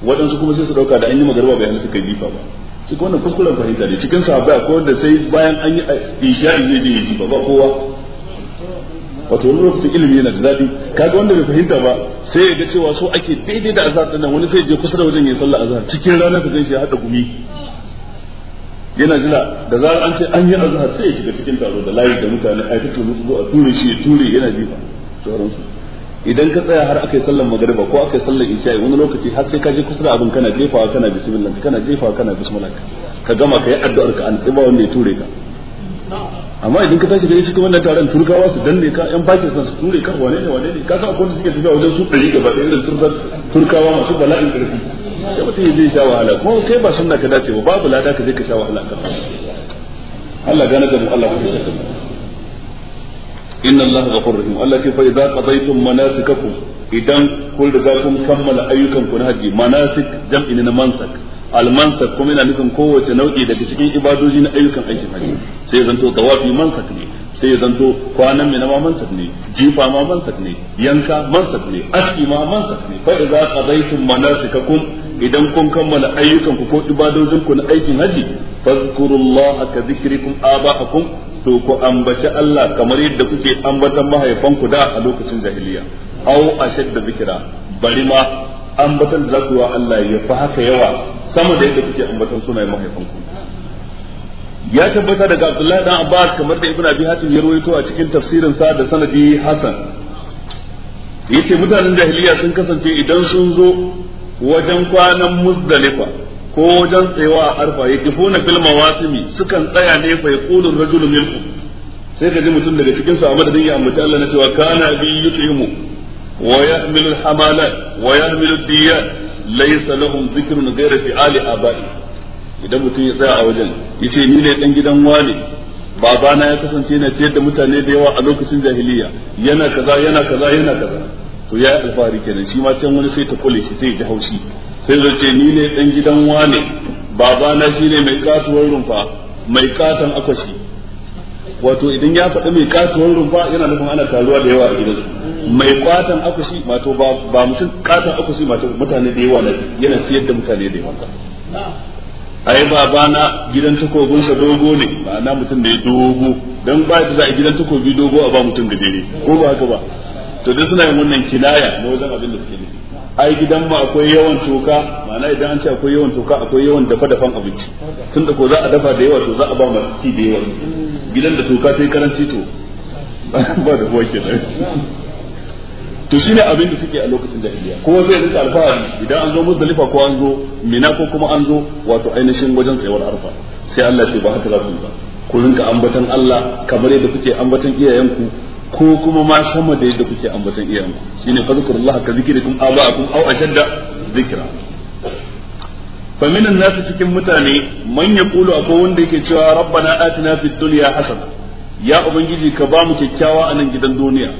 waɗansu kuma sai su ɗauka da an yi magarba bai suka yi jifa ba su kuma wannan kuskuren fahimta ne cikin sahabbai akwai wanda sai bayan an yi isha'i zai je ya jifa ba kowa wato wani lokacin ilimi yana da daɗi kaga wanda bai fahimta ba sai ya ga cewa so ake daidai da azhar din nan wani sai je kusa da wajen yin sallah azhar cikin rana ka ganshi ya hada gumi yana jira da zarar an ce an yi azhar sai ya shiga cikin taro da layi da mutane ai ta turu a ture shi ya ture yana jifa sauransu idan ka tsaya har aka yi sallar magariba ko aka yi sallar isha'i wani lokaci har sai ka je kusa da abin kana jefawa kana bismillah kana jefawa kana bismillah ka gama ka yi addu'ar ka an tsiba wanda ya ture ka amma idan ka tashi da kuma na taron turkawa su danne ka yan bakin su ture ka wane ne wane ne ka san akwai suke tafiya wajen su ɗari gaba ɗaya irin turkar turkawa masu bala'in ƙarfi sai mutum ya je sha wahala kuma kai ba sunna ka dace ba babu lada ka je ka sha wahala ka Allah gane da mu Allah ku saka inna allaha ghafurur rahim Allah ce fa idza qadaytum manasikakum idan kun riga kun kammala ayyukan ku na haji manasik jam'i na mansak al mansak kuma yana nufin kowace nau'i daga cikin ibadoji na ayyukan aikin haji sai zanto tawafi mansak ne sai zanto kwanan mai nama mansak ne jifa ma mansak ne yanka mansak ne aski ma mansak ne fa idza qadaytum manasikakum idan kun kammala ayyukan ku ko ibadojin ku na aikin haji fadhkurullaha ka dhikrikum aba'akum to ku ambaci Allah kamar yadda kuke ambatan mahaifanku da a lokacin jahiliya au ashadda zikra bari ma ambatan da zaku wa Allah ya fi haka yawa sama da yadda kuke ambatan sunayen mahaifanku ya tabbata daga Abdullahi dan Abbas kamar da Ibn Abi Hatim ya rawaito a cikin tafsirin sa da sanadi Hasan yace mutanen jahiliya sun kasance idan sun zo wajen kwanan Muzdalifa ko wajen tsayawa a arfa ya kifuna fil mawasimi sukan tsaya ne fa kulun rajulun minkum sai ka ji mutum daga cikin su a madadin ya ambaci Allah na cewa kana bi yutimu wa yahmilu al-hamalat wa yahmilu diya laysa lahum dhikrun ghayra fi ali abai idan mutum ya tsaya a wajen yace ni ne dan gidan Baba babana ya kasance na ciyar da mutane da yawa a lokacin jahiliya yana kaza yana kaza yana kaza to ya alfahari kenan shi ma can wani sai ta kule shi sai ya ji haushi sai zo ce ni ne dan gidan wane baba na shine mai katuwar rumfa mai katon akwashi wato idan ya faɗi mai katuwar rumfa yana nufin ana taruwa da yawa a gidansu mai kwatan akushi mato ba mutum katon akushi mato mutane da yawa na yana siyar da mutane da yawa ai babana gidan takobinsa dogo ne ma'ana mutum da ya dogo dan ba da za a gidan takobi dogo a ba mutum dare ko ba haka ba to duk suna yin wannan kinaya na wajen abin da suke nufi ai gidan mu akwai yawan toka ma'ana idan an ce akwai yawan toka akwai yawan dafa dafan abinci tunda ko za a dafa da yawa to za a ba masu ci da yawa gidan da toka sai karanci to ba da kuwa kenan to shine abin da suke a lokacin jahiliya ko zai rika alfahari idan an zo muzdalifa ko an zo mina ko kuma an zo wato ainihin wajen tsayawar arfa sai Allah ce ba haka za ku ba ku rinka ambatan Allah kamar yadda kuke ambatan iyayenku ko kuma ma sama da yadda kuke ambatan iyayenku shine Allah ka zikrikum aba'akum aw ashadda zikra fa minan nasu cikin mutane man yaqulu akwai wanda yake cewa rabbana atina fid dunya hasana ya ubangiji ka ba mu kyakkyawa a nan gidan duniya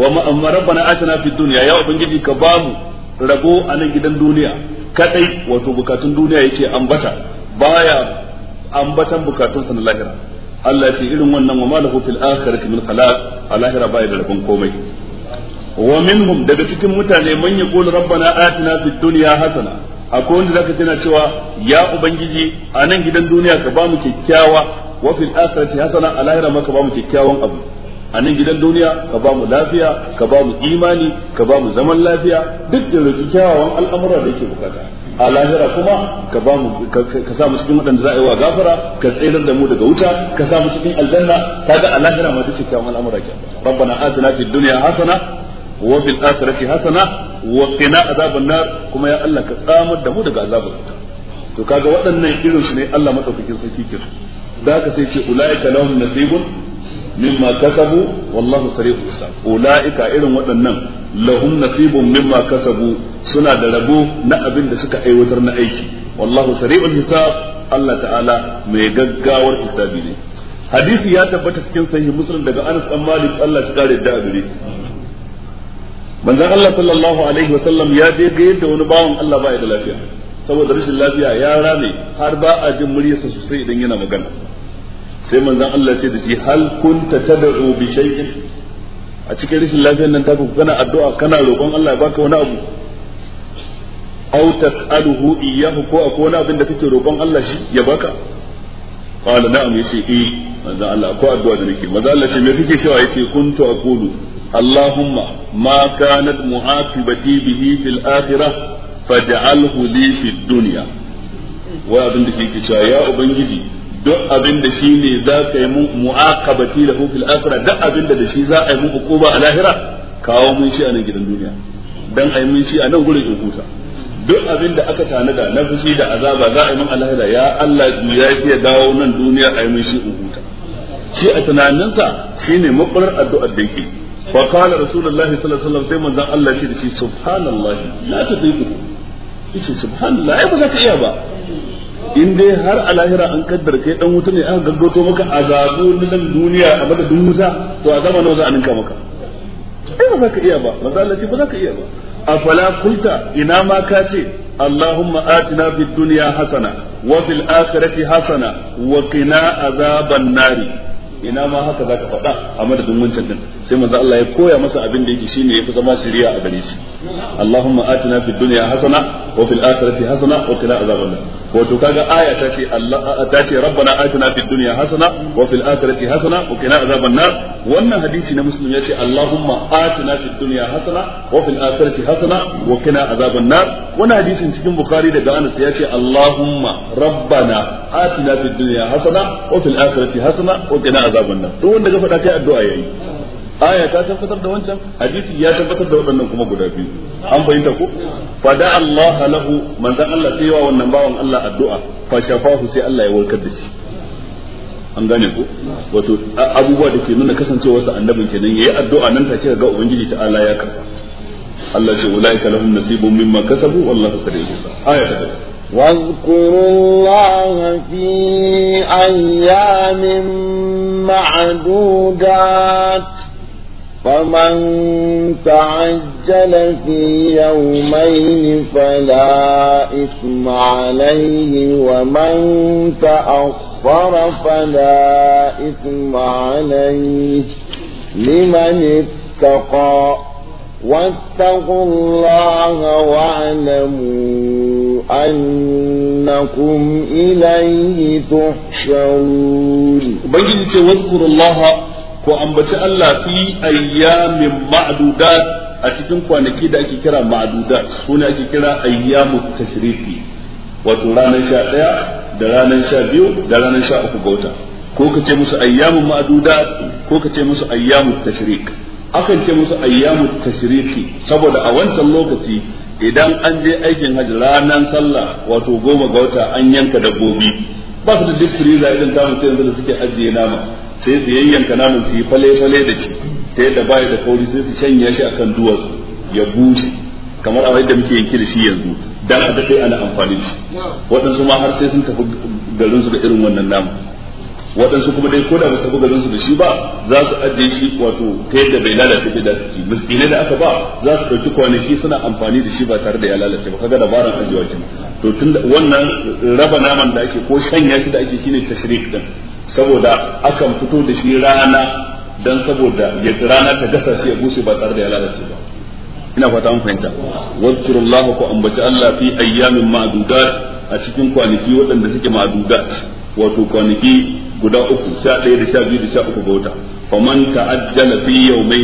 wa ma amma rabbana atina fid dunya ya ubangiji ka ba mu rago a nan gidan duniya kadai wato bukatun duniya yake ambata baya ambatan bukatun sa lahira Allah ce irin wannan wa malahu fil akhirati min khalaq bai da rabon komai wa minhum daga cikin mutane man yaqulu rabbana atina fid dunya hasana akwai wanda zaka tana cewa ya ubangiji a nan gidan duniya ka bamu kyakkyawa wa fil akhirati hasana alahira ma ka bamu abu a nan gidan duniya ka ba mu lafiya ka ba mu imani ka ba mu zaman lafiya duk da roki al'amura da yake bukata a lahira kuma ka ba mu ka sa mu cikin waɗanda za a yi wa gafara ka tsirar da mu daga wuta ka sa mu cikin aljanna kaga a lahira ma duk kyawun al'amura ke rabbana atina fid dunya hasana wa fil akhirati hasana wa qina azaban nar kuma ya Allah ka tsamar da mu daga azabar wuta to kaga waɗannan irin su ne Allah madaukakin sarki ke su da haka sai ce ulaika lahum nasibun mimma kasabu wallahu sari'ul hisab ulaika irin waɗannan lahum nasibun mimma kasabu suna da rabo na abin da suka aiwatar na aiki wallahu sari'ul hisab Allah ta'ala mai gaggawar hisabi ne hadisi ya tabbata cikin sahih muslim daga Anas dan Malik Allah ya kare da gare manzon Allah sallallahu alaihi wa sallam ya je ga yadda wani bawan Allah ba ya da lafiya saboda rashin lafiya ya rame har ba a jin muryarsa sosai idan yana magana sai manzon Allah ce da shi hal kunta tad'u bi shay'in a cikin rashin lafiyar nan taka kana addu'a kana roƙon Allah ya baka wani abu aw tas'aluhu iyyahu ko akwai wani abin da kake roƙon Allah shi ya baka qala na'am yace eh manzo Allah ko addu'a da nake manzo Allah ce me cewa yace kuntu aqulu duk abin da shi ne za ka yi mu'aqabati lahu fil akhirah duk abin da shi za a yi mu hukuma a lahira kawo mun shi a nan gidan duniya dan a yi mun shi a nan gurin in huta duk abin da aka tanada na fushi da azaba za a yi mun a lahira ya Allah ya fiye dawo nan duniya a yi mun shi in huta shi a tunaninsa shine mabarar addu'ar da yake fa qala rasulullahi sallallahu alaihi wasallam sai manzon Allah ya ce subhanallahi la tadiku yace subhanallahi ba za ka iya ba in dai har a lahira an kaddar kai dan wuta ne aka gaggoto maka azabu na dan duniya a madadin wuta to a azaba nawa za a ninka maka ai ba za ka iya ba maza Allah ce ba za ka iya ba afala kulta ina ma ka ce Allahumma atina fid dunya hasana wa fil akhirati hasana wa qina azaban nari ina ma haka za ka faɗa a madadin wancan din sai manzo Allah ya koya masa abin da yake shine yafi zama shari'a a gare shi Allahumma atina fid dunya hasana wa fil akhirati hasana wa qina azaban nar wato kaga aya ta ce Allah ta ce rabbana atina fid dunya hasana wa fil akhirati hasana wa qina azaban nar wannan hadisi na muslim ya ce Allahumma atina fid dunya hasana wa fil akhirati hasana wa qina azaban nar wannan hadisin cikin bukhari daga Anas ya ce Allahumma rabbana atina fid dunya hasana wa fil akhirati hasana wa qina azaban nar duk wanda ka faɗa kai addu'a yayi aya ta tabbatar da wancan hadisi ya tabbatar da waɗannan kuma guda biyu an fahimta ko fa da Allah lahu manzon Allah sai wa wannan bawan Allah addu'a fa shafahu sai Allah ya warkar da shi an gane ko wato abubuwa da ke nuna kasancewar sa annabin kenan yayi addu'a nan take ga ubangiji ta Allah ya karba Allah ce ulaika lahum nasibun mimma kasabu wallahu sari'ul aya ta واذكروا الله في أيام معدودات فمن تعجل في يومين فلا إثم عليه ومن تأخر فلا إثم عليه لمن اتقى واتقوا الله واعلموا أنكم إليه تحشرون بجد واذكروا الله ko ambaci Allah fi ayyamin ma'dudat a cikin kwanaki da ake kira ma'dudat sune ake kira ayyamu tashrifi wato ranar 11 da ranar 12 da ranar 13 ga wata ko ka ce musu ayyamun ma'dudat ko ka ce musu ayyamu tashrif akan ce musu ayyamu tashrifi saboda a wancan lokaci idan an je aikin hajji ranar sallah wato goma ga wata an yanka dabbobi ba su da dukkan riza irin tamu ce yanzu da suke ajiye nama sai su yayyanka naman su yi fale-fale da shi ta yadda baya da kauri sai su shanya shi akan duwatsu ya bushe kamar a yadda muke yanki da shi yanzu dan a daɗe ana amfani da shi waɗansu ma har sai sun tafi garin su da irin wannan namu waɗansu kuma dai ko da su tafi garin su da shi ba za su ajiye shi wato ta yadda bai lalace bai da ciki miskine da aka ba za su ɗauki kwanaki suna amfani da shi ba tare da ya lalace ba kaga dabaran ajiyewa kenan to tun wannan raba naman da ake ko shanya shi da ake shine tashrik din saboda akan fito da shi rana dan saboda ya rana ta gasa shi ya gushe ba tare da ya lalace ba ina fata an fahimta wazkurullaha ku ambaci Allah fi ayyamin ma'dudat a cikin kwanaki waɗanda suke ma'dudat wato kwanaki guda uku sha ɗaya da sha biyu da sha uku ga wata faman ta'ajjala fi ne?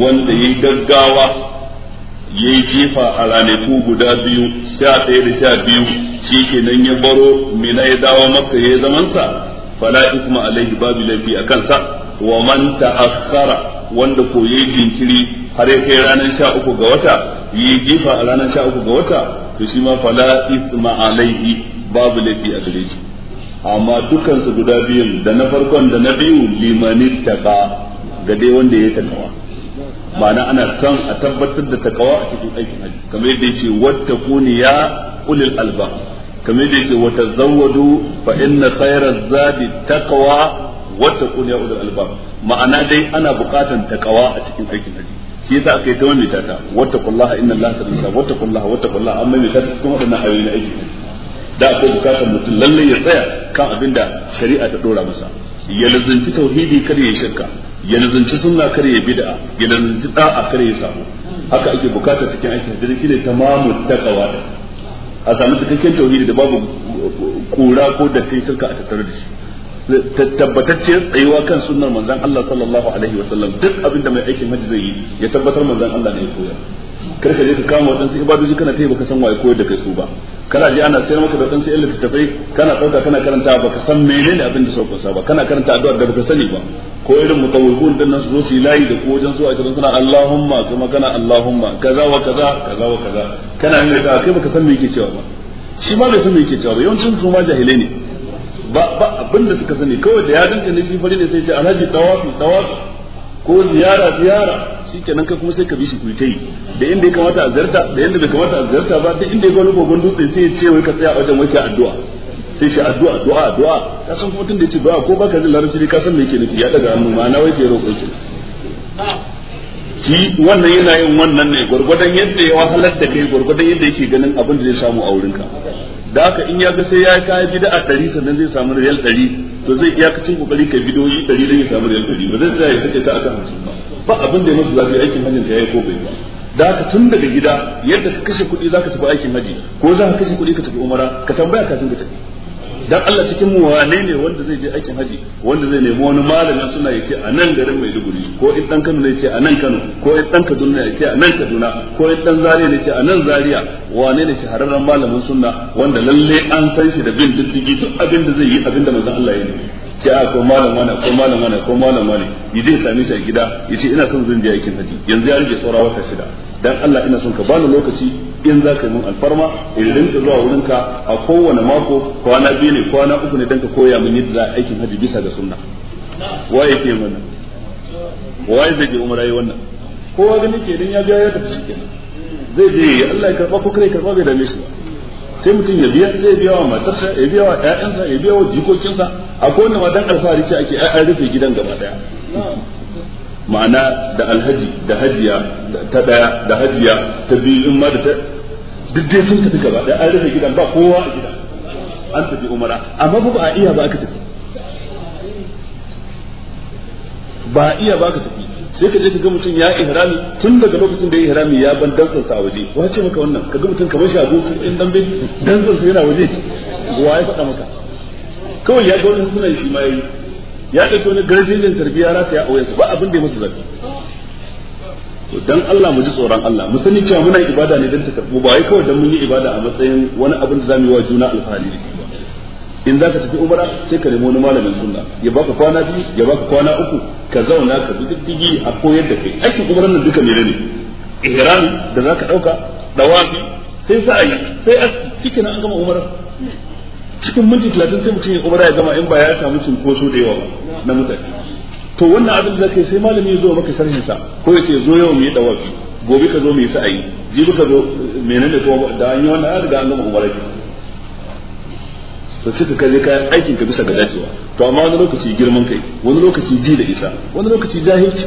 wanda yayi gaggawa ya yi jifa a ranaku guda biyu sha ɗaya da sha biyu shi kenan ya baro mina ya dawo maka ya yi zamansa fala isma babu laifi a kansa wa man ta'akhkhara wanda ko yayi har ya kai ranar sha uku ga wata yi jifa a ranar sha uku ga wata to shi ma fala babu laifi a gare shi amma guda da na farkon da na biyu limanin taqa wanda ya takawa ma'ana ana son a tabbatar da takawa a cikin aikin haji kamar yadda ce wata ya ulil albab kamar da yake wata zawadu fa inna khairaz zadi taqwa wa taqul ya ulul albab ma'ana dai ana buƙatan taqwa a cikin aikin haji shi yasa aka yi ta wani tata wata kullaha inna allaha nisa wata kullaha wata kullaha amma mai tata cikin waɗannan ayoyi na aikin haji da akwai buƙatar mutum lallai ya tsaya kan abin da shari'a ta dora masa ya lazanci tauhidi kar ya shirka ya lazanci sunna kar ya bid'a ya lazanci da'a kar ya samu haka ake buƙata cikin aikin haji shine tamamu taqwa a sami cikakken tauhidi da babu kura ko dattin shirka a tattare da shi tabbatacciyar tsayuwa kan sunnar manzon Allah sallallahu alaihi wasallam duk abinda mai aikin hajji zai yi ya tabbatar manzon Allah ne ya koyar karka ka je ka kama waɗansu ibadoji kana ta yi baka san waye koyar da kai su ba kana je ana sayar maka da waɗansu ilmi tafai kana ɗauka kana karanta baka san menene abin da sauƙin ba kana karanta addu'a da baka sani ba ko irin mutawwifun din nan su zo su yi layi da ko wajen su 20 suna Allahumma kuma kana Allahumma kaza wa kaza kaza wa kaza kana yin da kai baka san me yake cewa ba shi ma bai san me yake cewa ba yawancin su ma jahilai ne ba ba abin da suka sani kawai da ya danta ne shi fari ne sai ce alhaji tawafi tawafi ko ziyara ziyara shikenan kai kuma sai ka bi shi kuyi yi. da inda ya kamata a zarta da inda bai kamata a zarta ba da inda ya gano gogon dutse sai ya ce wai ka tsaya a wajen wake addu'a sai shi addu'a addu'a addu'a ka san kuma tunda ce ba ko baka jin larabci ka san me yake nufi ya daga hannu ma na wai ke roƙo ki shi wannan yana yin wannan ne gwargwadon yadda ya wahalar da kai gwargwadon yadda yake ganin abin da zai samu a wurinka da haka in ya ga sai ya kai bid'a ɗari sannan zai samu riyal ɗari to zai iya kacin kokari kai bidoyi ɗari don ya samu riyal ɗari ba zai tsaya ya sake ta aka hamsin ba ba abin da ya musu zafi aikin hajjin da ya yi ko bai ba da haka tun daga gida yadda ka kashe kuɗi za ka tafi aikin haji ko za ka kashe kuɗi ka tafi umara ka tambaya kafin ka tafi dan Allah cikin mu wane ne wanda zai je aikin haji wanda zai nemi wani malamin suna yace a nan garin Maiduguri ko in dan Kano ne yace a nan Kano ko in dan Kaduna ne yace a nan Kaduna ko in dan Zaria ne yace a nan Zaria wane ne shahararren malamin sunna wanda lalle an san shi da bin diddigi duk abin da zai yi abin da manzon Allah ya yi ce a ah, ko malam wani ko malam wani ko malam wani ya je shi a gida ya ce ina son zan je aikin haji yanzu ya rage tsora wata shida dan Allah ina son ka bani lokaci in za ka yi mun alfarma in rinka zuwa wurinka a kowane mako kwana biyu ne kwana uku ne dan ka koya min yadda za aikin haji bisa ga sunna waye ke mana waye zai je umara wannan kowa gani ke dan ya biya ya tafi shi kenan zai je Allah ya karba ko kai karba bai dame shi ba sai mutum ya biya sai biya wa matarsa ya biya wa ƴaƴansa ya biya wa jikokinsa a kowane ma dan alfahari ce ake ai rufe gidan gaba daya ma'ana da alhaji da hajiya ta daya da hajiya ta biyu in ma da ta duk dai sun tafi gaba daya ai rufe gidan ba kowa a gidan an tafi umara amma ba a iya ba aka tafi ba a iya ba aka tafi sai ka je ka ga mutum ya ihrami tun daga lokacin da ya ihrami ya ban dantsan sa waje wa ce maka wannan ka ga mutum kamar shago in dan bai dantsan su yana waje wa ya faɗa maka kawai ya ga wani sunan shi ma yi. ya ɗauki wani garjejin tarbiyya ta ya auye su ba abin da ya musu zafi dan Allah mu ji tsoron Allah mu sani cewa muna ibada ne dan ta karbu ba wai kawai dan mun yi ibada a matsayin wani abin da zamu yi wa juna alfahari in za ka tafi umara sai ka nemi wani malamin sunna ya baka kwana biyu ya baka kwana uku ka zauna ka bi diddigi a koyar da kai aikin umaran nan duka menene ihrami da za ka ɗauka dawafi sai sa'ayi sai a cikin an gama umara cikin minti talatin sai mutum ya umara ya gama in ba ya samu cinkoso da yawa na mutane to wannan abin da kai sai malami ya zo maka sarhin sa ko ya ce zo yau mu yi dawafi gobe ka zo mu yi sa'ayi jibi ka zo menene ko da an yi wannan an riga an gama umara to cika kaje ka aikin ka bisa ga dacewa to amma wani lokaci girman kai wani lokaci ji da isa wani lokaci jahilci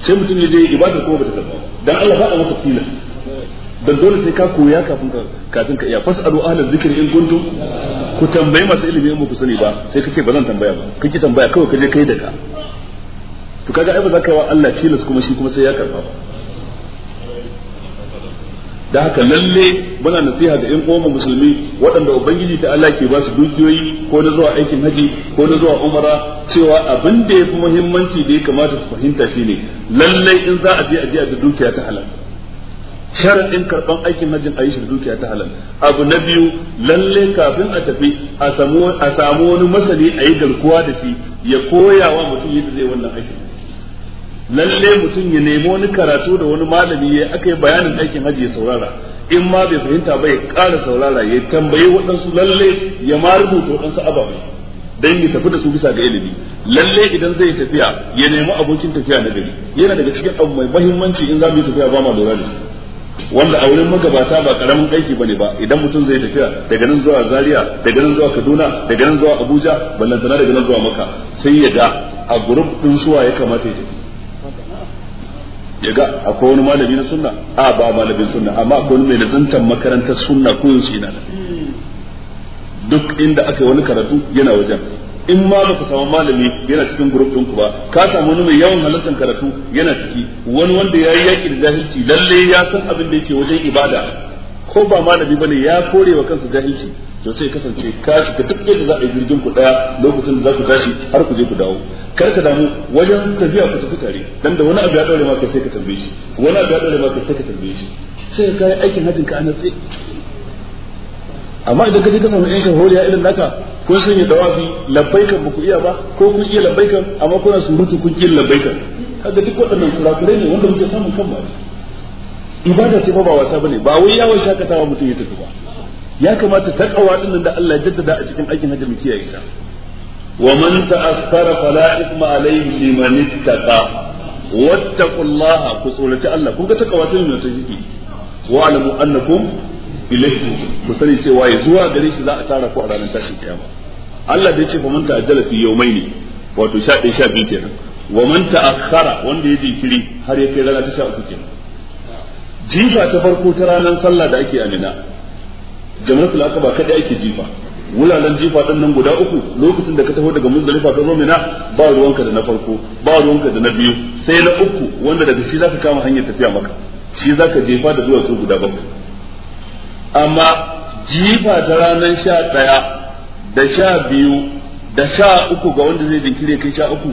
sai mutum ya je ibada ko ba ta karba dan Allah ba a masa tilas dan dole sai ka koya kafin ka kafin ka iya fasalu ahlal zikri in kuntum ku tambaye masa ilimi mu ku sani ba sai kace ba zan tambaya ba kike tambaya kawai kaje kai da ka to kaga ai ba za ka yi wa Allah tilas kuma shi kuma sai ya karba ba da haka lalle muna nasiha da ƴan uwan musulmi waɗanda ubangiji ta Allah ke ba su dukiyoyi ko na zuwa aikin haji ko na zuwa umara cewa abin da ya fi muhimmanci da ya kamata su fahimta shine lallai in za a je a je a dukiya ta halal sharaɗin karɓan aikin hajjin a yi shi dukiya ta halal abu na biyu lallai kafin a tafi a samu wani masani a yi garkuwa da shi ya koya wa mutum yadda zai wannan aikin lalle mutum ya nemi wani karatu da wani malami ya aka yi bayanin aikin hajji ya saurara in ma bai fahimta ba ya ƙara saurara ya tambayi waɗansu lalle ya ma rubuta waɗansu ababai don ya tafi da su bisa ga ilimi lalle idan zai tafiya ya nemi abokin tafiya na gari yana daga cikin abu mai mahimmanci in za mu yi tafiya ba ma lura da su. wanda a wurin magabata ba karamin aiki ne ba idan mutum zai tafiya daga nan zuwa Zaria daga nan zuwa Kaduna daga nan zuwa Abuja ballantana daga nan zuwa Makka sai ya ga a gurup din suwa ya kamata ya tafi ya ga akwai wani malami na sunna a ba malamin sunna amma akwai wani mai lazantar makarantar sunna ko yaushe duk inda aka yi wani karatu yana wajen in ma baka samu malami yana cikin grup ɗinku ba ka samu wani mai yawan halartar karatu yana ciki wani wanda ya yi yaƙi da jahilci lalle ya san abin da yake wajen ibada ko ba ma nabi bane ya kore wa kansa jahilci to sai kasance ka shiga duk yadda za a yi jirgin ku daya lokacin da za ku tashi har ku je ku dawo kar ka damu wajen tafiya ku tafi tare dan da wani abu ya dore maka sai ka tambaye shi wani abu ya dore maka sai ka tambaye shi sai ka yi aikin hajjin ka ana amma idan ka je ka samu yan shahoriya irin naka kun san ya dawafi labbaikan ba ku iya ba ko kun iya labbaikan amma kuna surutu kun iya labbaikan kaga duk waɗannan kurakurai ne wanda muke samun kan ba ciki ibada ce ba wasa bane ba wai yawon shakatawa mutum ya tafi ba ya kamata takawa din da Allah ya jaddada a cikin aikin hajji mu kiyaye ta wa man ta'akkara fala ithma alayhi liman ittaqa wattaqullaha ku tsorace Allah kun ga takawa ta ne ta jiki wa alamu annakum ilayhi ku sani cewa ya zuwa gare shi za a tara ku a ranar tashin kiyama Allah da ya ce fa man ta'ajjala fi yawmaini wato sha 11 12 kenan wa man ta'akkara wanda ya jinkiri har ya kai rana ta 13 kenan jifa ta farko ta ranar sallah da ake amina jamratul ba kada ake jifa wulalan jifa din nan guda uku lokacin da ka taho daga muzdalifa ka zo mina ba ruwanka da na farko ba ruwanka da na biyu sai na uku wanda daga shi zaka kama hanyar tafiya maka shi zaka jefa da duwatsu guda bakwai amma jifa ta ranar sha ɗaya da sha biyu da sha uku ga wanda zai jinkiri kai sha uku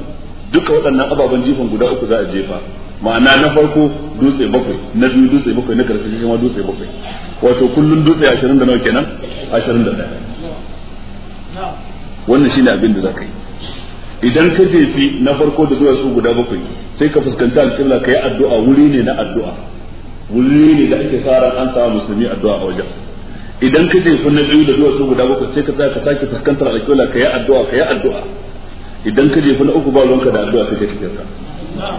duka waɗannan ababen jifan guda uku za a jefa ma'ana na farko dutse bakwai na biyu dutse bakwai na karshe shi ma dutse bakwai wato kullun dutse 20 da nawa kenan 21 wannan shine abin da zaka yi idan ka jefi na farko da zuwa su guda bakwai sai ka fuskanci alƙibla ka yi addu'a wuri ne na addu'a wuri ne da ake sa ran an samu musulmi addu'a a wajen idan ka jefi na biyu da zuwa su guda bakwai sai ka tsaya ka sake fuskantar alƙibla ka yi addu'a ka yi addu'a idan ka jefi na uku ba ruwanka da addu'a sai ka ka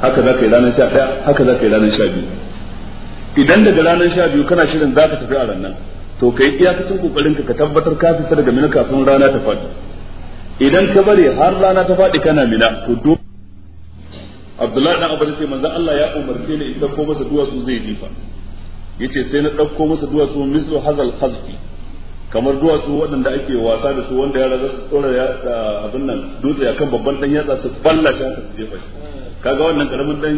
haka za ka yi ranar sha haka za ka yi ranar sha biyu idan daga ranar sha biyu kana shirin za ka tafi a ranar to ka yi iyakacin kokarinka ka tabbatar ka fita daga mina kafin rana ta faɗi idan ka bari har rana ta faɗi kana mina to do Abdullahi dan Abbas sai manzon Allah ya umarce ni in dauko masa duwatsu zai jifa yace sai na dauko masa duwatsu mislu hazal hazfi kamar duwatsu waɗanda ake wasa da su wanda ya za su tsora abin nan dutse akan babban dan yatsa su balla ta su jefa shi kaga wannan karamin dan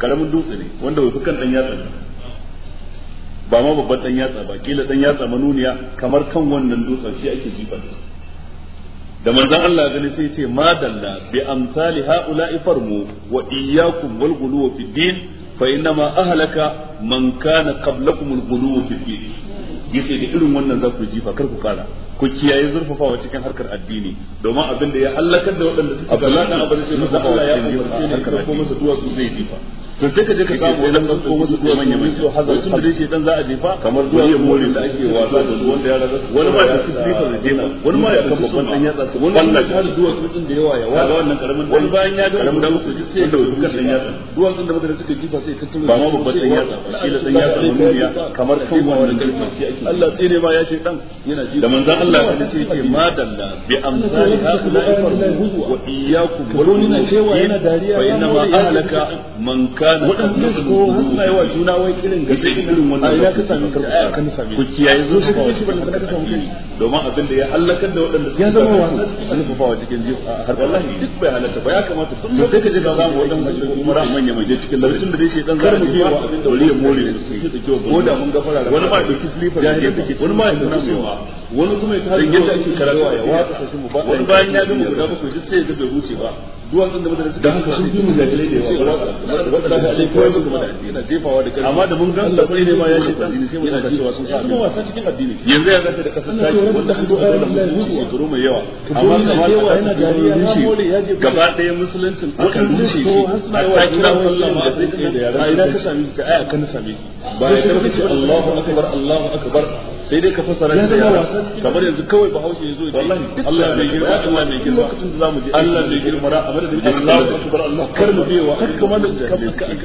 karamin dutse ne wanda bai kan dan yatsa ba ma babban dan yatsa ba kila dan yatsa manuniya kamar kan wannan dutsen shi ake jifa da manzon Allah gani sai ce madalla bi amsali haula'i farmu wa iyyakum wal ghuluw fi din fa innama ahlaka man kana qablakum al ghuluw fi din yace da irin wannan za ku jifa kar ku fara ku kiyaye zurfafawa cikin harkar addini domin abin da ya halakar da waɗanda suka ga Allah abin da ya halakar da Allah ya umarce ne ko masa duwatsu zai jifa to sai ka je ka samu wani kan ko musu ko manya manya tun da shi dan za a jefa kamar duwa mole da ake wasa da su wanda ya raga su wani ma ya ci sifa da jefa wani ma ya kafa ban dan yatsa su wani ma ya da duwa tun da yawa ya wasa wannan karamin wani bayan ya ga karamin dan su ji sai da duka dan yatsa da muka suka jifa sai tattuna ba ma babban dan yatsa shi da dan yatsa mun ya kamar kan wannan karfin shi ake Allah tsine ma ya shaytan yana ji da manzon Allah ya ce yake madalla bi amsali hasula'i wa iyyakum walunina cewa yana dariya fa inna ma ahlaka man ka waɗansu su ko suna yawa juna wai irin ga sai irin wannan a ka sami karku a kan sami ku kiyaye zo su kuma cibar da ka samu kai domin abin da ya halakar da waɗanda ya zama wani alfafawa cikin jiya har wallahi duk bai halatta ba ya kamata duk sai ka je ka samu waɗansu da kuma ran manya manje cikin lafiyar da dai a zai mu biya abin da waliyan more ne su da kyau ko da mun gafara wani da kislifa ya da kike wani da kuma wani kuma ya tare da yadda ake karatu ya wata mu ba wani bayan ya gama guda ba ku ji sai ya huce ba duwatsun da mutane da haka sun fi mu jahilai da yawa wanda da shi kawai su kuma da yana jefawa da amma da mun gansu da ne ma ya shi addini sai mun ga cewa sun sa wasa cikin addini yanzu ya da kasar taki wanda ka da mai yawa amma yana ya gaba musuluncin aka rushe shi a Allah ma da yara ina ka sami ka sami shi Allahu akbar Allahu akbar sai dai ka fassara shi da yara kamar yanzu kawai bahaushe ya zo ya ce Allah mai girma Allah mai girma lokacin da zamu je Allah mai girma ra a madadin Allahu akbar Allah kar mu biyewa kamar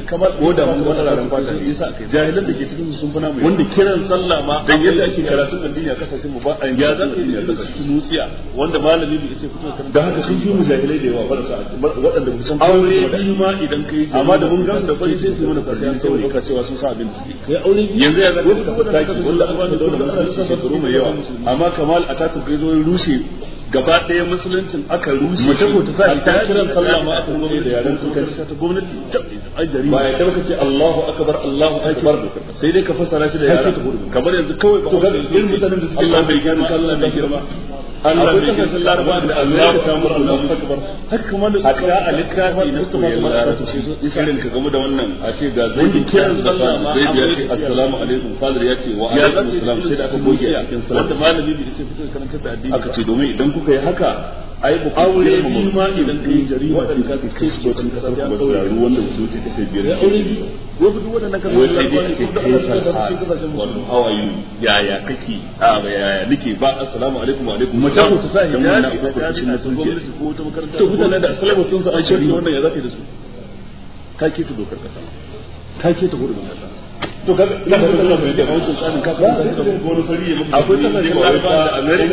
kamar koda mun wani ranar fata ne yasa kai jahilan da ke cikin sun fana mai wanda kiran sallah ma dan yadda ake karatu da a kasashen mu ba a ya zan yi da su nusiya wanda malami bai ce fito kan da haka sun fi mu jahilai da yawa barka wadanda mu san aure ma idan kai amma da mun gamsu da fari sai su mana sarki ka cewa sun sa abin yanzu ya zaka ta ki wallahi ba da dole shekaru mai yawa amma kamal a ta kai zo rushe gaba ɗaya musuluncin aka rushe mace ko ta sa ta kiran sallah ma akan gwamnati da yaran sun kai ta gwamnati ajari ba ya ce Allahu akbar Allahu akbar sai dai ka fassara shi da yaran kamar yanzu kawai to ga irin mutanen da suke Allah bai gani bai girma akwai kasashen laraba da amerika ta mura allah akbar haka ma da suka a littafi na su masu masu su ce shirin ka game da wannan a ce ga zai yi kiran sallah ma zai biya ce assalamu alaikum fadar ya ce wa alaikum assalam sai da aka goge a cikin sallah wanda malami bai ce kusa karanta da addini aka ce domin idan kuka yi haka ai ba aure bi kai kai ko duk waɗannan kan wai sai dai ce kai ya ya kake ah, a ya nake ba assalamu alaikum wa alaikum mata ko ko ta makaranta to da assalamu sun sa an wannan ya da su ka ke ta dokar kasa ka ke ta kasa to ga ina da suna bai da wancan tsarin kasuwanci da kuma wani fari ya mutu akwai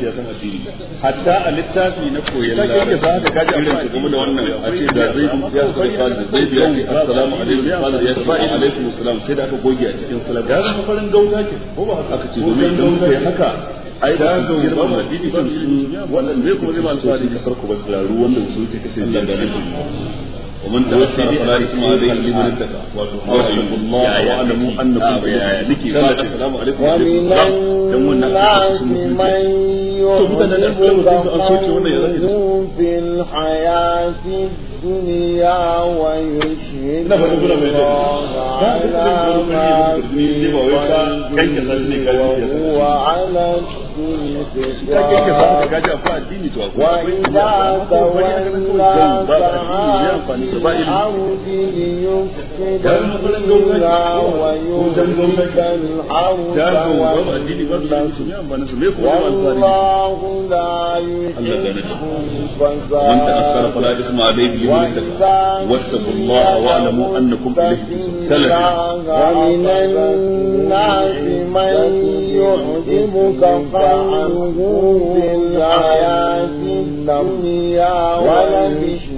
kasashen da ta hatta a littafi na koyon ka kaji irin game da wannan a ce da zai ya su kai fadi zai biya ki assalamu alaikum ya alaikum sai da aka goge a cikin farin ke ko ba haka ce domin kai haka ai da ga girman wannan zai zai su ba su su ce da ومن تأثر فلا إثم عليه لمن اتقى واتقوا الله واعلموا أنكم السلام عليكم ومن الناس من يحبه في الحياة الدنيا ويشهد الله على ما في وهو على وإذا تولى فعن الأرض ليفسد فيها ويهلك الحرث والله لا يحب من تأخر فلا إثم عليه لمن اتقى واتقوا الله واعلموا أنكم إليه تسلمون ومن الناس من يعجبك قوله في الحياة الدنيا ولبشر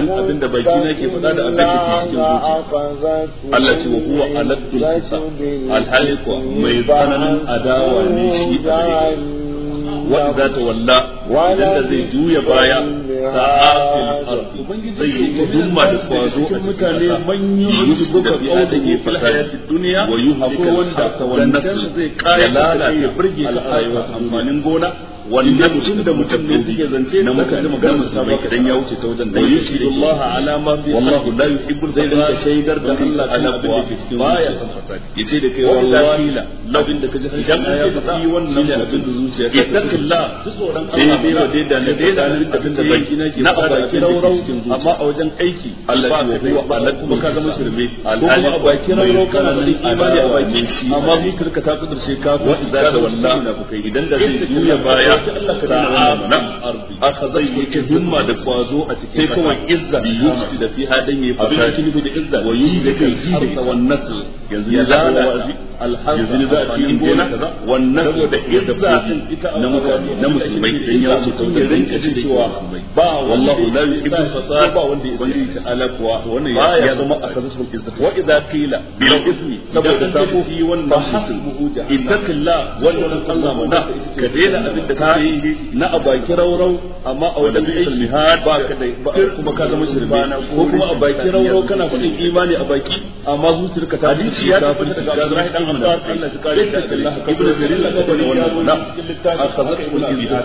labarin abin da baki na ke faɗa da abin da ke cikin zuciya Allah ce wa huwa mai tsananin adawa ne shi a wa idza tawalla idan da zai juya baya zai yi dumma da kwazo a da ke wanda wannan zai burge amfanin gona wannan mutum da mutum ne suke zance na mutane magana ba kadan ya wuce ta wajen da yake shi Allah ala ma fi wallahu la yuhibbul zai shaidar da Allah ala kuwa baya san fasadi yace da kai wallahi labin da kaji kan ya fasi wannan mutum da zuciya ka ittaqillah ji tsoron Allah bai wa da ne dai da ne da baki na ke fada ki raurau amma a wajen aiki Allah ya yi wa Allah kuma ka zama shirme alhali a baki raurau kana da imani a baki amma mutunka ta kudurce ka da idan da zai baya ya ce ka dana wannan mana aka zai yake himma da kwazo a cikin sai kuma izza bi yusi da fiha dan yi fasadi da izza wa yi da kai ji da wannan yanzu ya lalace yanzu za a cikin gona wannan izza na mutane na musulmai ya rinka cewa ba wallahu la yuhibbu fasad ba wanda ya bangi ta ala kuwa wannan ya zama izza wa idza qila ismi saboda wannan ittaqilla wannan Allah mana ka abin da na abaki amma a wajen aiki ba ka da kuma ka zama ko kuma abaki kana imani a baki amma zuciyarka ta ta fita Allah shi kare da Allah ibn jarir al-qabri ya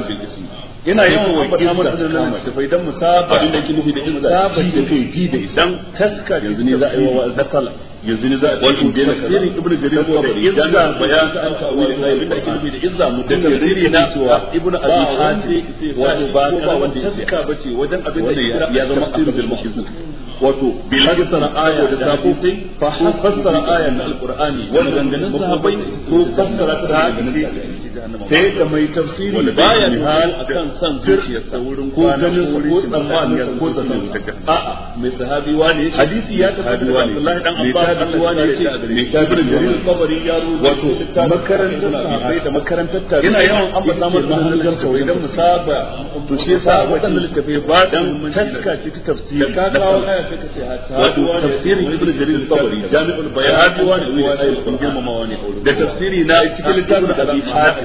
ina yawan wata da nan tafai dan musaba abin da yake nufi da izza ji da kai ji da idan taska yanzu ne za a yi wa zakala yanzu ne za a wani da tafsirin ibn jarir al-qabri izza bayan ta tawil da abin da yake nufi da izza mudaddiri na ibn abi hatim wa ba wanda taska bace wajen abin da ya zama abin da muke wato bilad aya da safi fa fassara ayan alqur'ani wannan ganganin sahabbai ko fassara ta hadisi ta yadda mai tafsiri hal zuciyarsa wurin ko ganin ko a'a mai sahabi hadisi ya da dan ya ce mai tabirin jarir kabari ya wato makarantar sahabbai da makarantar tabi'i ina yawan to shi yasa ba dan taska ce ta tafsiri ka kawo ka ce wato kabari jami'ul bayan wani da tafsiri na cikin littafin da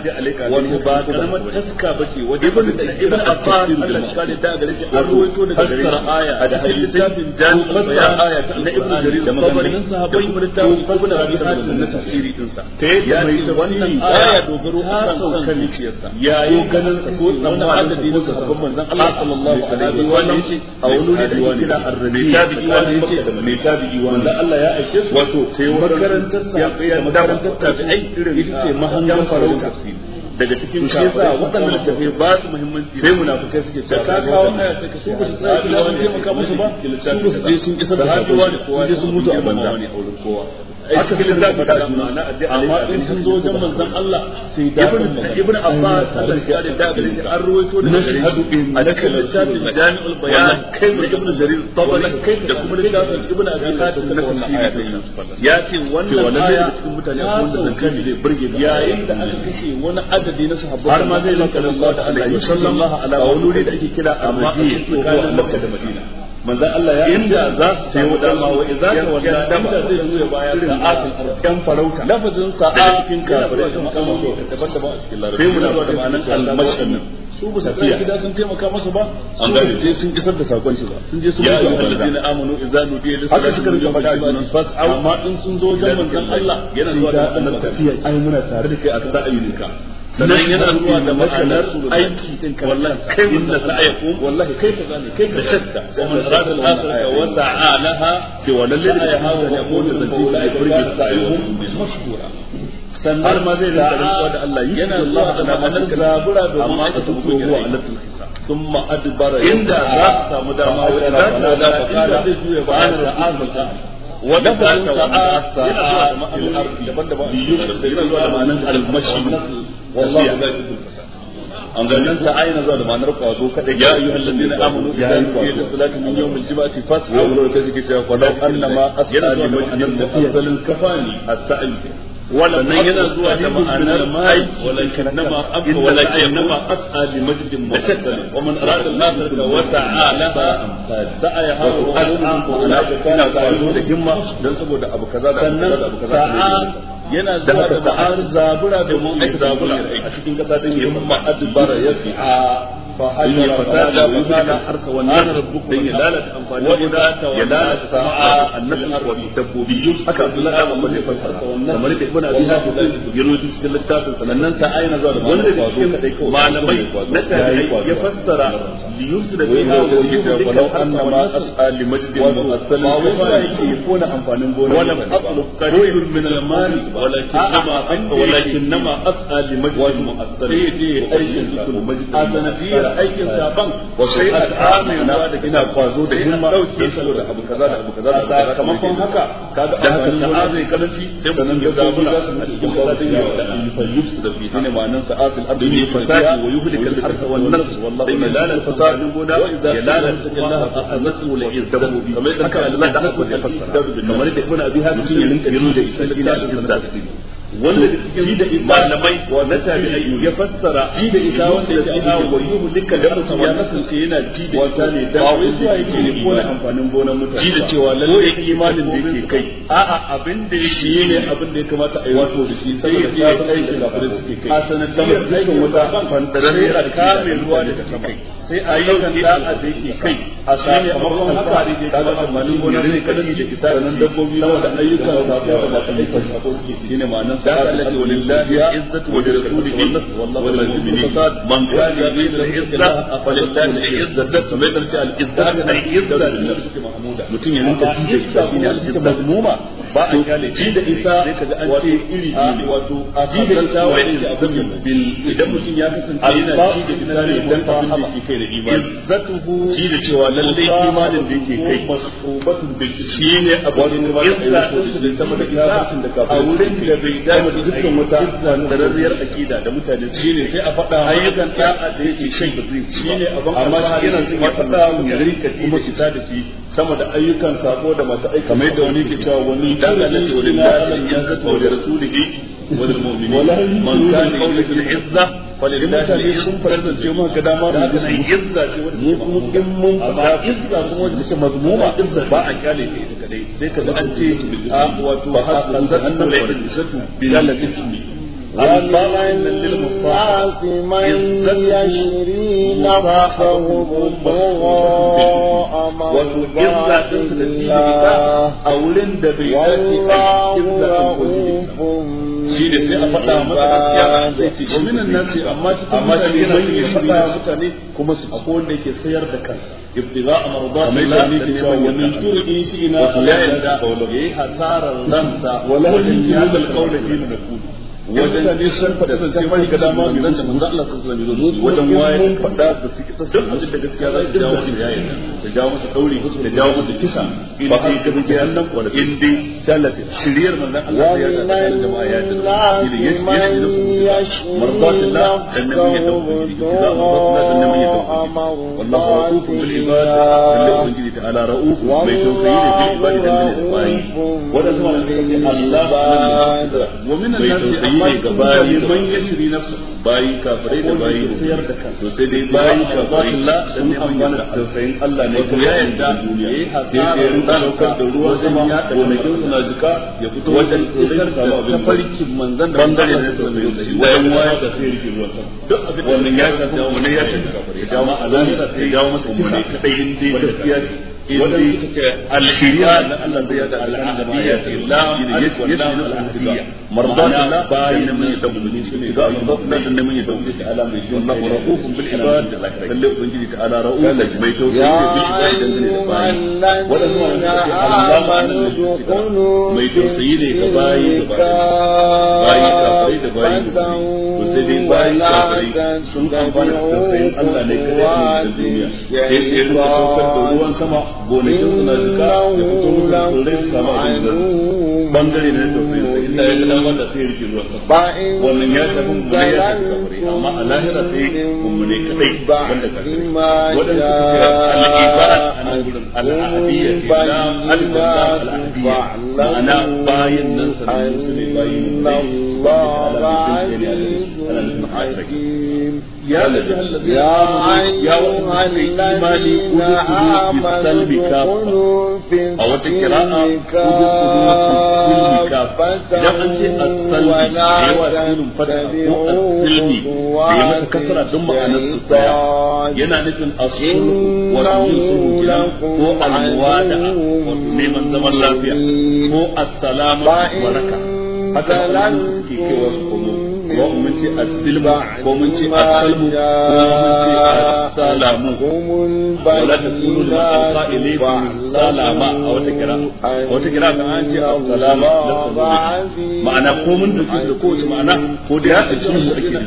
ce alaika wani ba karamar taska bace wajen ibn ibn abbas Allah shi kare da gare shi an ruwaito daga gare shi aya da hadisin jami'in bayan aya ta na ibn jarir da sahabbai na tafsiri din sa ta wannan aya dogaro kan ganin ko sabon manzon Allah sallallahu alaihi wa sallam a wani ne da kira arrabi tabi'i wanda yace mai Allah ya aike su wato sai makarantar sa ya makarantar ta ai irin ita ce mahangar farauta daga cikin shi yasa waɗannan littafai ba su muhimmanci sai munafikai suke cewa ka kawo aya sai ka su ba su tsaya sun ba su je sun isar da haɗuwa ne kowa sun mutu a banza aka cikin da ka tashi ma'ana a amma in sun zo wajen manzon Allah sai da ibn ibn Abbas al-Shari da ibn an ruwaito da shahadu in alaka littafin jami'ul bayan kai da ibn Jarir tabari kai da kuma littafin ibn Abi Hatim na tafsiri ya ce wannan aya cikin mutane a wannan kai zai burge da yayin da aka kashe wani adadi na sahabbai har ma zai lanka Allah da Allah sallallahu alaihi wa sallam ala wani da ake kira amma a cikin Makka da Madina manzo Allah ya inda za su sayo dama wa idza ka walla inda zai zo ya bayar da asil arkan farauta lafazin sa'a cikin kafirai sun kama ka tabbata ba a cikin larabci sai muna zuwa da ma'anar su ba gida sun taimaka masa ba an gane sai sun kisar da sakon shi ba sun je sun yi alladina amanu idza nudiya lis haka suka rinka fas amma in sun zo wajen manzon Allah yana zuwa da annabi tafiya ai muna tare da kai a kan ra'ayinka sannan yana zuwa da ma'anar aiki wallahi kai inna sa'aykum wallahi kai ka zane kai ka shakka wa man arada al-akhirata wa sa'a laha ce wa lallai da ya mutu da jin da furge sa'ayhum mashkura sannan ma zai rinka rantsuwa da Allah yi yana Allah da ma'anar zabura da amma ka tuko huwa alatul hisab thumma adbara inda za ta samu dama wa za ta da zai juya ba da azza a سعى سعى في الأرض yana zuwa da ma'anar almashi wallahi za ku kulfasa an zannan ta ayin zuwa da ma'anar kwazo kada ya ayyuha alladhina amanu ya yi kwazo da salatu min yawm al-jum'ati Ya wa la kasika ta qala annama as'a bi majlis asalin kafani a sail sannan yana zuwa da ma'anar mai walakinnama abka walakinnama as'a bi majdin musaddal wa man arada al-akhirata wa ta'ala ba amsal sa'a haru al'am wa ala kana ta'alu da himma dan saboda abu kaza da abu kaza yana zuwa da ta'ar zabura da mu'min zabura a cikin kasa din himma adbara yasi'a in ya fasada wa yuzlika harsa wa nar rabbukum ya lalata amfani da ya lalata sama'a annas wa dabbobi haka Abdullahi da Muhammad ya fassara kamar da Ibn Abi Hatim ya rawaito cikin littafin sanannan sa ayina zuwa da wanda da cikin kadai kawai malamai na tare ya fassara li yuzlika biha wa yuzlika anna ma as'a li majdin wa asal ba yake kona amfanin gona wala aslu qaribun min al-mal walakin nama walakin nama as'a li majdin wa asal sai je aikin saban sai a da ina kwazo da himma dauke saboda abu kaza da abu kaza da sakamakon haka karanci sai a cikin da an da fi ne wa harsa wallahi gona ya la Allah bi kamar da da haka ya fassara kamar da ibn abi hadin ya da isa shi da tafsiri wanda da cikin da malamai wanda tabi'ai ya fassara ji da isa wanda ya ji wa yuhu dukkan da mutum ya kasance yana ji da wata ne da wai zuwa yake ne ko na amfanin gonan mutane ji da cewa lalle imanin da yake kai a'a abin da yake ne abin da ya kamata a yi wato da shi saboda ya san aikin da suke kai a sanar da da wata amfanin da rera kamin ruwa da ta kai sai a yi da a yake kai a sami a makon haka ta ga amfanin gona zai kashi da isa nan dabbobi saboda ayyukan da ba da ayyukan sa suke shine ma'anar sa Allah ce walillahi izzatu wa rasulihi wal mu'minin man kana yuridu al-izza falillahi al-izzatu mai tarci al-izza da izza da nafsi mahmuda mutun ya ninka shi shine al-izza ba a kyale ji da isa wato iri ne wato ji da isa wani ne abin bil idan mutum ya kasance yana ji da isa ne dan abin da yake kai da imani izzatuhu ji da cewa lalle imanin da yake kai masrubatun bil shi ne abin da ba so da sama da isa da ka a wurin da bai da dukkan wata da raziyar akida da mutane shi ne sai a faɗa ayyukan da'a da yake kai da zai shi ne abin amma shi yana son ya faɗa mu ji da shi sama da ayyukan sako da masu aika mai da wani ke cewa wani dan ya zato da rasulihi wa lil mu'minin man kana izza sun ce mu dama da izza ce wani kuma in mun izza kuma mazmuma izza ba a kyale ta ita kadai sai ka an ce a ah, wato hasan annabi bi للناس من يشري نفسه ابتغاء مرضات الله والله رؤوف shi da sai a faɗa masa gaskiya sai ce shi nan ce amma cikin amma shi yana shi mutane kuma su ko wanda yake sayar da kansa ibtiza amrdat Allah ne ke cewa wa min turqi shi ina la yanda yayi ransa wa la yajid al fi nakulu wajen ne sun faɗa sun ce mai gada ma bilan da manzo Allah sallallahu alaihi wasallam wajen waye faɗa da su kisa duk abin da gaskiya za su jawo musu yayin da jawo musu dauri da jawo musu kisa in dai gaskiya nan ko in dai sai Allah ya shiriyar manzo Allah ya yarda da jama'a ya yarda shi ne yashi da su marzatillah annabi ya dauka shi da marzatillah annabi ya dauka wallahu raufun bil ibad Allah ubangiji ta ala raufun mai tausayi ne bil ibad da ne da bayi wadannan Allah wa min al-nas ce ga bayi man yashri nafsa bayi kafirai da bayi da to sai dai bayi kafirai Allah sun amfana da tausayin Allah ne ko ya yarda yayi hasara da ruwa saukar da ruwa sama gonakin suna jika ya fito wajen isar da abin farkin manzon da bangare da tausayin da wayan waya da sai rike ruwa sama duk abin wannan ya da wannan ya shafi kafirai ya jawo masa alani ya jawo masa mummuni kadai inda gaskiya ce waɗanda suka ce al-shari'a na Allah zai yada al-ahadiyya illa yashhadu al-ahadiyya mardana bayin man yadabbu shine ga Allah dan man yadabbu ta ala mai jin Allahu rahufun bil ibad lalle ubangiji ta ala ra'u lalle mai tausayi bil ibad dan ne da bayin waɗanda suka ce Allah mai tausayi ne ga bayi da bayi da bayi da bayi da bayi sai dai bayi da bayi sun amfana da tausayin Allah ne kadai a duniya sai sai da saukar da ruwan sama بولے بندڑی نے تو Allah ya gada wanda sai rike zuwa sama wannan ya shafi mummune ya shafi kafiri amma a lahira sai mummune kadai wanda kafiri wadanda suke kira al-ibad anan gurin al-ahadiyya islam al-islam al-ahadiyya ma'ana bayin nan sanan musulmi bayin يا أيها الذين آمنوا ادخلوا في السلم كافة idan an ce asalbi da yawa fata ko da ya kasara don ma'anar su daya yana nufin asulu wa yusuf kilan ko alwada wa neman zaman lafiya ko wa haka kewa su wa mun ce as-silba ko mun ce as-salbu ko mun ce as-salamu wala takunu lil alqa ilaykum salama a wata kira a wata kira kan an ce as-salama ma'ana ko mun dauki da ko kowace ma'ana ko da ya tsaci mu ake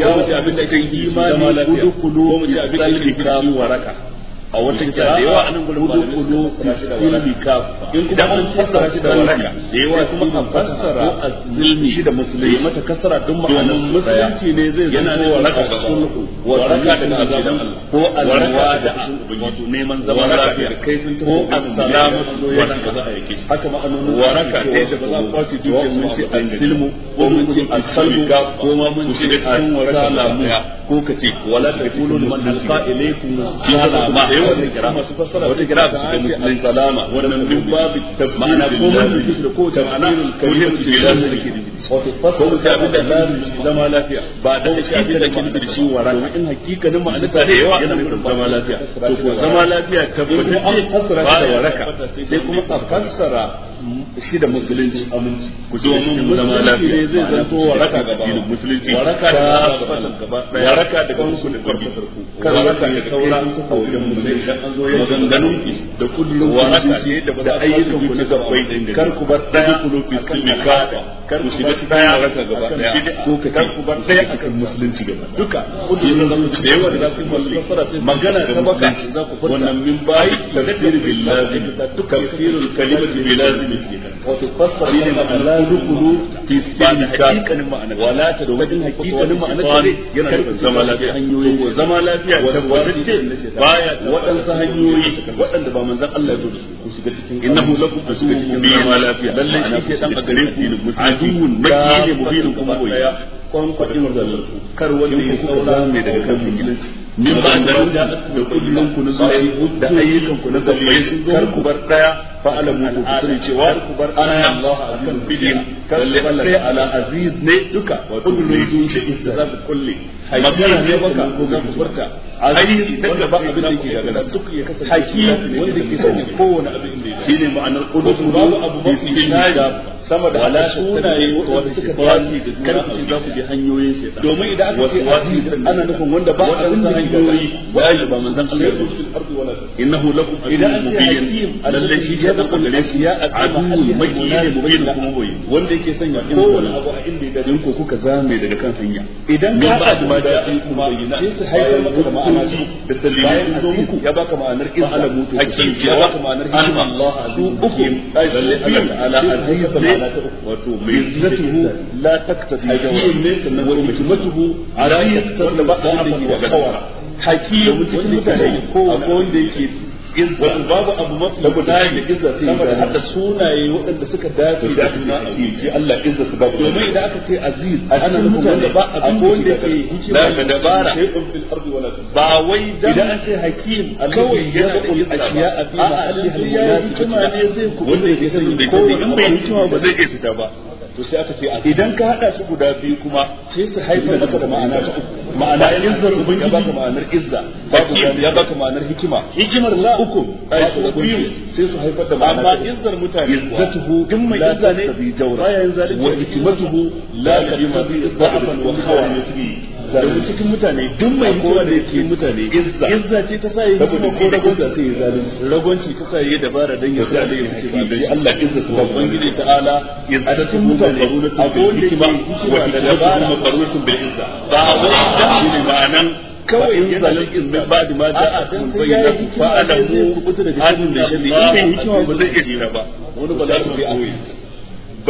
ya wuce abin da kan yi su da lafiya ko mu ce abin da kan yi waraka a wata kira da yawa anan gudu hudu kulli ka kuma an fassara shi da waraka da yawa kuma an fassara ko shi da musulmi mata kasara don ma'anar musulunci ne zai yana ne waraka da sulhu waraka da azaban ko alwa da wato neman zaman lafiya kai sun ko assalamu waraka za a yake haka ma'anonin waraka da ba za a kwace dukiyar mun ce azilmu ko mun ce asalmu ko ma mun ce an waraka ko kace wala takunu liman alqa ilaykum salama cikin wannan kira wata kira ta salama wannan duk babu ma'ana ko mun da ko ta ma'ana da yake da abin da zama lafiya ba da shi abin da ke da shi waran in hakikanin ma'ana ta da yawa yana zama lafiya to ko zama lafiya da waraka sai kuma a fassara shi da musulunci aminci ku ji wannan mu zama lafiya ne zai zanto waraka gaba musulunci waraka da fatan gaba waraka da daga musulunci farko kan waraka ya kaura a wajen musulunci dan an zo ya maganganun ki da kullu waraka ce da ayyukan ku na gabbai kar ku bar ku daya kulufi silmikada kar ku shiga daya waraka gaba daya ko ka kar ku bar daya akan musulunci gaba duka kudurin da yawa da za ku musulunci magana da baka za ku wannan min bai tadbir billahi tafsirul kalimatu bilazim mai shi kan wato fassara shi ne zama lafiya ko waɗanda ba Allah ya ke dan a gare ku aduwwun makki ne mubinin kuma boye kwankwadin kar wanda ya saura mai daga kan musulunci min ba da da kullun ku na zuci da ayyukan ku na zuci sun ku bar daya fa alamu ku sani cewa ku bar ana Allah akan bidin bar Allah ala aziz ne duka wa kullu yunshi izzab kulli magana ne baka ko zan furta aziz da ba abin da yake daga duk ya kasance hakim wanda ke sani kowane abin da yake shine ma'anar qudus babu abu ba fi da sama da ala sunaye wanda suka fasi da juna bi hanyoyin shaytan domin idan aka ce asi ana nufin wanda ba a san hanyoyi wani ba manzon Allah ya rubuta innahu lakum idan mubin lalle shi shaytan kun gare shi ya adu maki ne da kuma boye wanda yake sanya in wani abu a inda ya dace ko kuka zame daga kan hanya idan ka ba da kuma sai ta haifar maka da ma'ana da dalilin zo muku ya baka ma'anar in alamu ya baka ma'anar in Allah azu uku Allah ta'ala alhayya wato mai zinatuhu la taktadi jawab wa hikmatuhu ala yaqtar ba da wato babu abu mafi labudani da izza sai saboda sunaye waɗanda suka dace da suna a zuci Allah izza babu domin idan aka ce aziz ana nufin wanda ba abin da ke da da dabara ba wai da idan an ce hakim kawai ya da'ul ashiya a fi mahalliha al-munasib wanda yake sani da kowa in bai hikima ba zai iya fita ba to sai aka ce idan ka hada su guda biyu kuma sai su haifar maka da ma'ana ta uku ma'ana izzar ubangiji ya baka ma'anar izza babu ya baka ma'anar hikima hikimar sa uku sai su haifar da ma'ana amma izzar mutane izzatuhu din mai izza ne baya yin zalunci wa la kalima bi dha'fan wa khawan domin cikin mutane duk mai kowa da cikin mutane izza izza ce ta sa yi saboda ko ragon da sai ya zalunci ragonci ta sa yi dabara dan ya sa da ya ce ba dai Allah izza su babban gidi ta'ala izza a cikin mutane a kowace hikima wa dabara makarunatun bil izza ba wai da shine ma'anan kawai in zalikin min ba da mata a kun bayyana fa alamu kubutu da cikin da shi ne in bai ba zai iya ba wani ba za bi a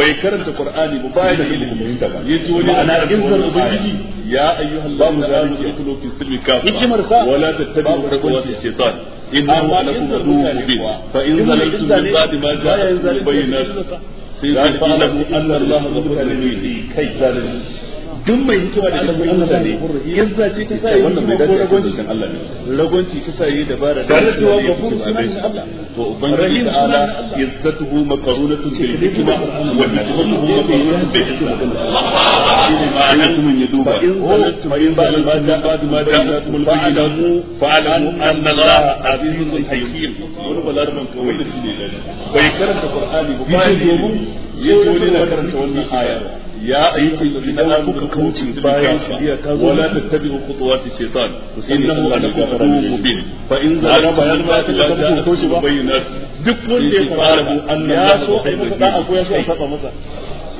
bai karanta qur'ani ba bai da ilimin fahimta ba yace wani ana izar ubangiji ya ayyuhallahu la tuqulu fi silmi kafa hikimar sa tattabi'u khutuwati shaytan innahu lakum mubin fa in zalaltum min ba'di ma kai duk mai hikima da cikin mutane izza ce ta sai wannan bai dace a cikin Allah ne ragonci ta sai dabara da shi wa gafuru sunan Allah to ubangiji ta'ala izzatuhu makarunatun bil hikma wa nadhuhu makarunatun bil hikma shine ma'ana tumin ya duba oh, in ba ba da ba da ma da tumul bayyana fa alamu anna Allah azizun hakim wani balarman kawai da bai karanta qur'ani ba ba domin yato ne na karanta wannan aya ya aiki idan kuka kauce bayan shari'a ta zo la tattabi'u khutuwati shaytan innahu anakum mubin fa in za ka bayan ba ta da kauce ba duk wanda ya fara bu annan ya so ai da akwai ya so a saba masa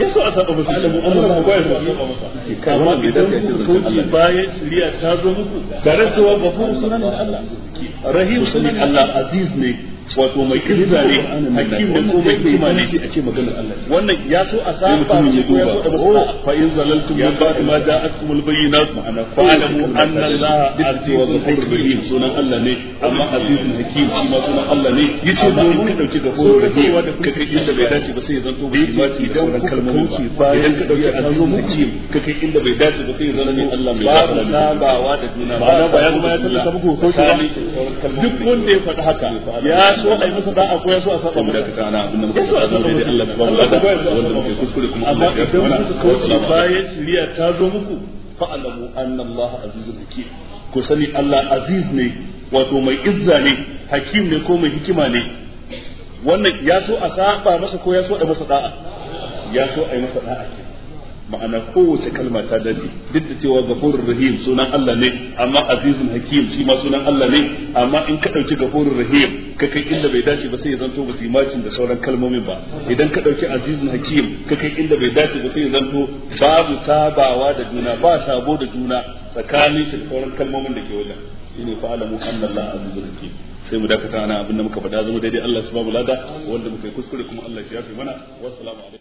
ya so a saba masa alamu annan akwai ya so a saba masa kamar idan kuka kauce bayan shari'a ta zo muku tare cewa gafuru sunan Allah rahim sunan Allah aziz ne wato mai kirza ne hakim ne ko mai hikima ne a ce maganar Allah wannan ya so a saba ne ko ya so da ba oh, fa in zalaltum min ba'd ma ja'atkum al-bayyinat fa alamu anna Allah azizun hakim sunan Allah ne amma azizun hakim shi ma sunan Allah ne yace ba in ka dauki gafurur rahim ka kai inda bai dace ba sai ya zanto bai ba ci da wannan kalmomi ba idan ka dauki azizun hakim ka kai inda bai dace ba sai ya zanto Allah mai ba sabawa da juna ba ba ya zama ya tallata muku ko shi duk wanda ya faɗa haka ya ya so a yi da'a ko ya so a saba mu da abin da muka so a zama da Allah subhanahu wa ta'ala wanda muke kuskure kuma kauce bayan shari'a ta zo muku fa alamu anna Allah azizul hakim ku sani Allah aziz ne wato mai izza ne hakim ne ko mai hikima ne wannan ya so a saba masa ko ya so a masa da'a ya so a yi masa da'a ke ma'ana kowace kalma ta dace duk da cewa gafurur rahim sunan Allah ne amma azizun hakim shi ma sunan Allah ne amma in ka dauki gafurur rahim ka kai inda bai dace ba sai ya zanto ba su macin da sauran kalmomin ba idan ka ɗauki azizun hakim ka kai inda bai dace ba sai ya zanto babu sabawa da juna ba sabo da juna tsakanin shi da sauran kalmomin da ke wajen shine fa alamu annallahu azizun hakim sai mu dakata ana abin da muka faɗa zama daidai Allah subhanahu mu lada wanda muka yi kuskure kuma Allah shi yafi mana wassalamu alaikum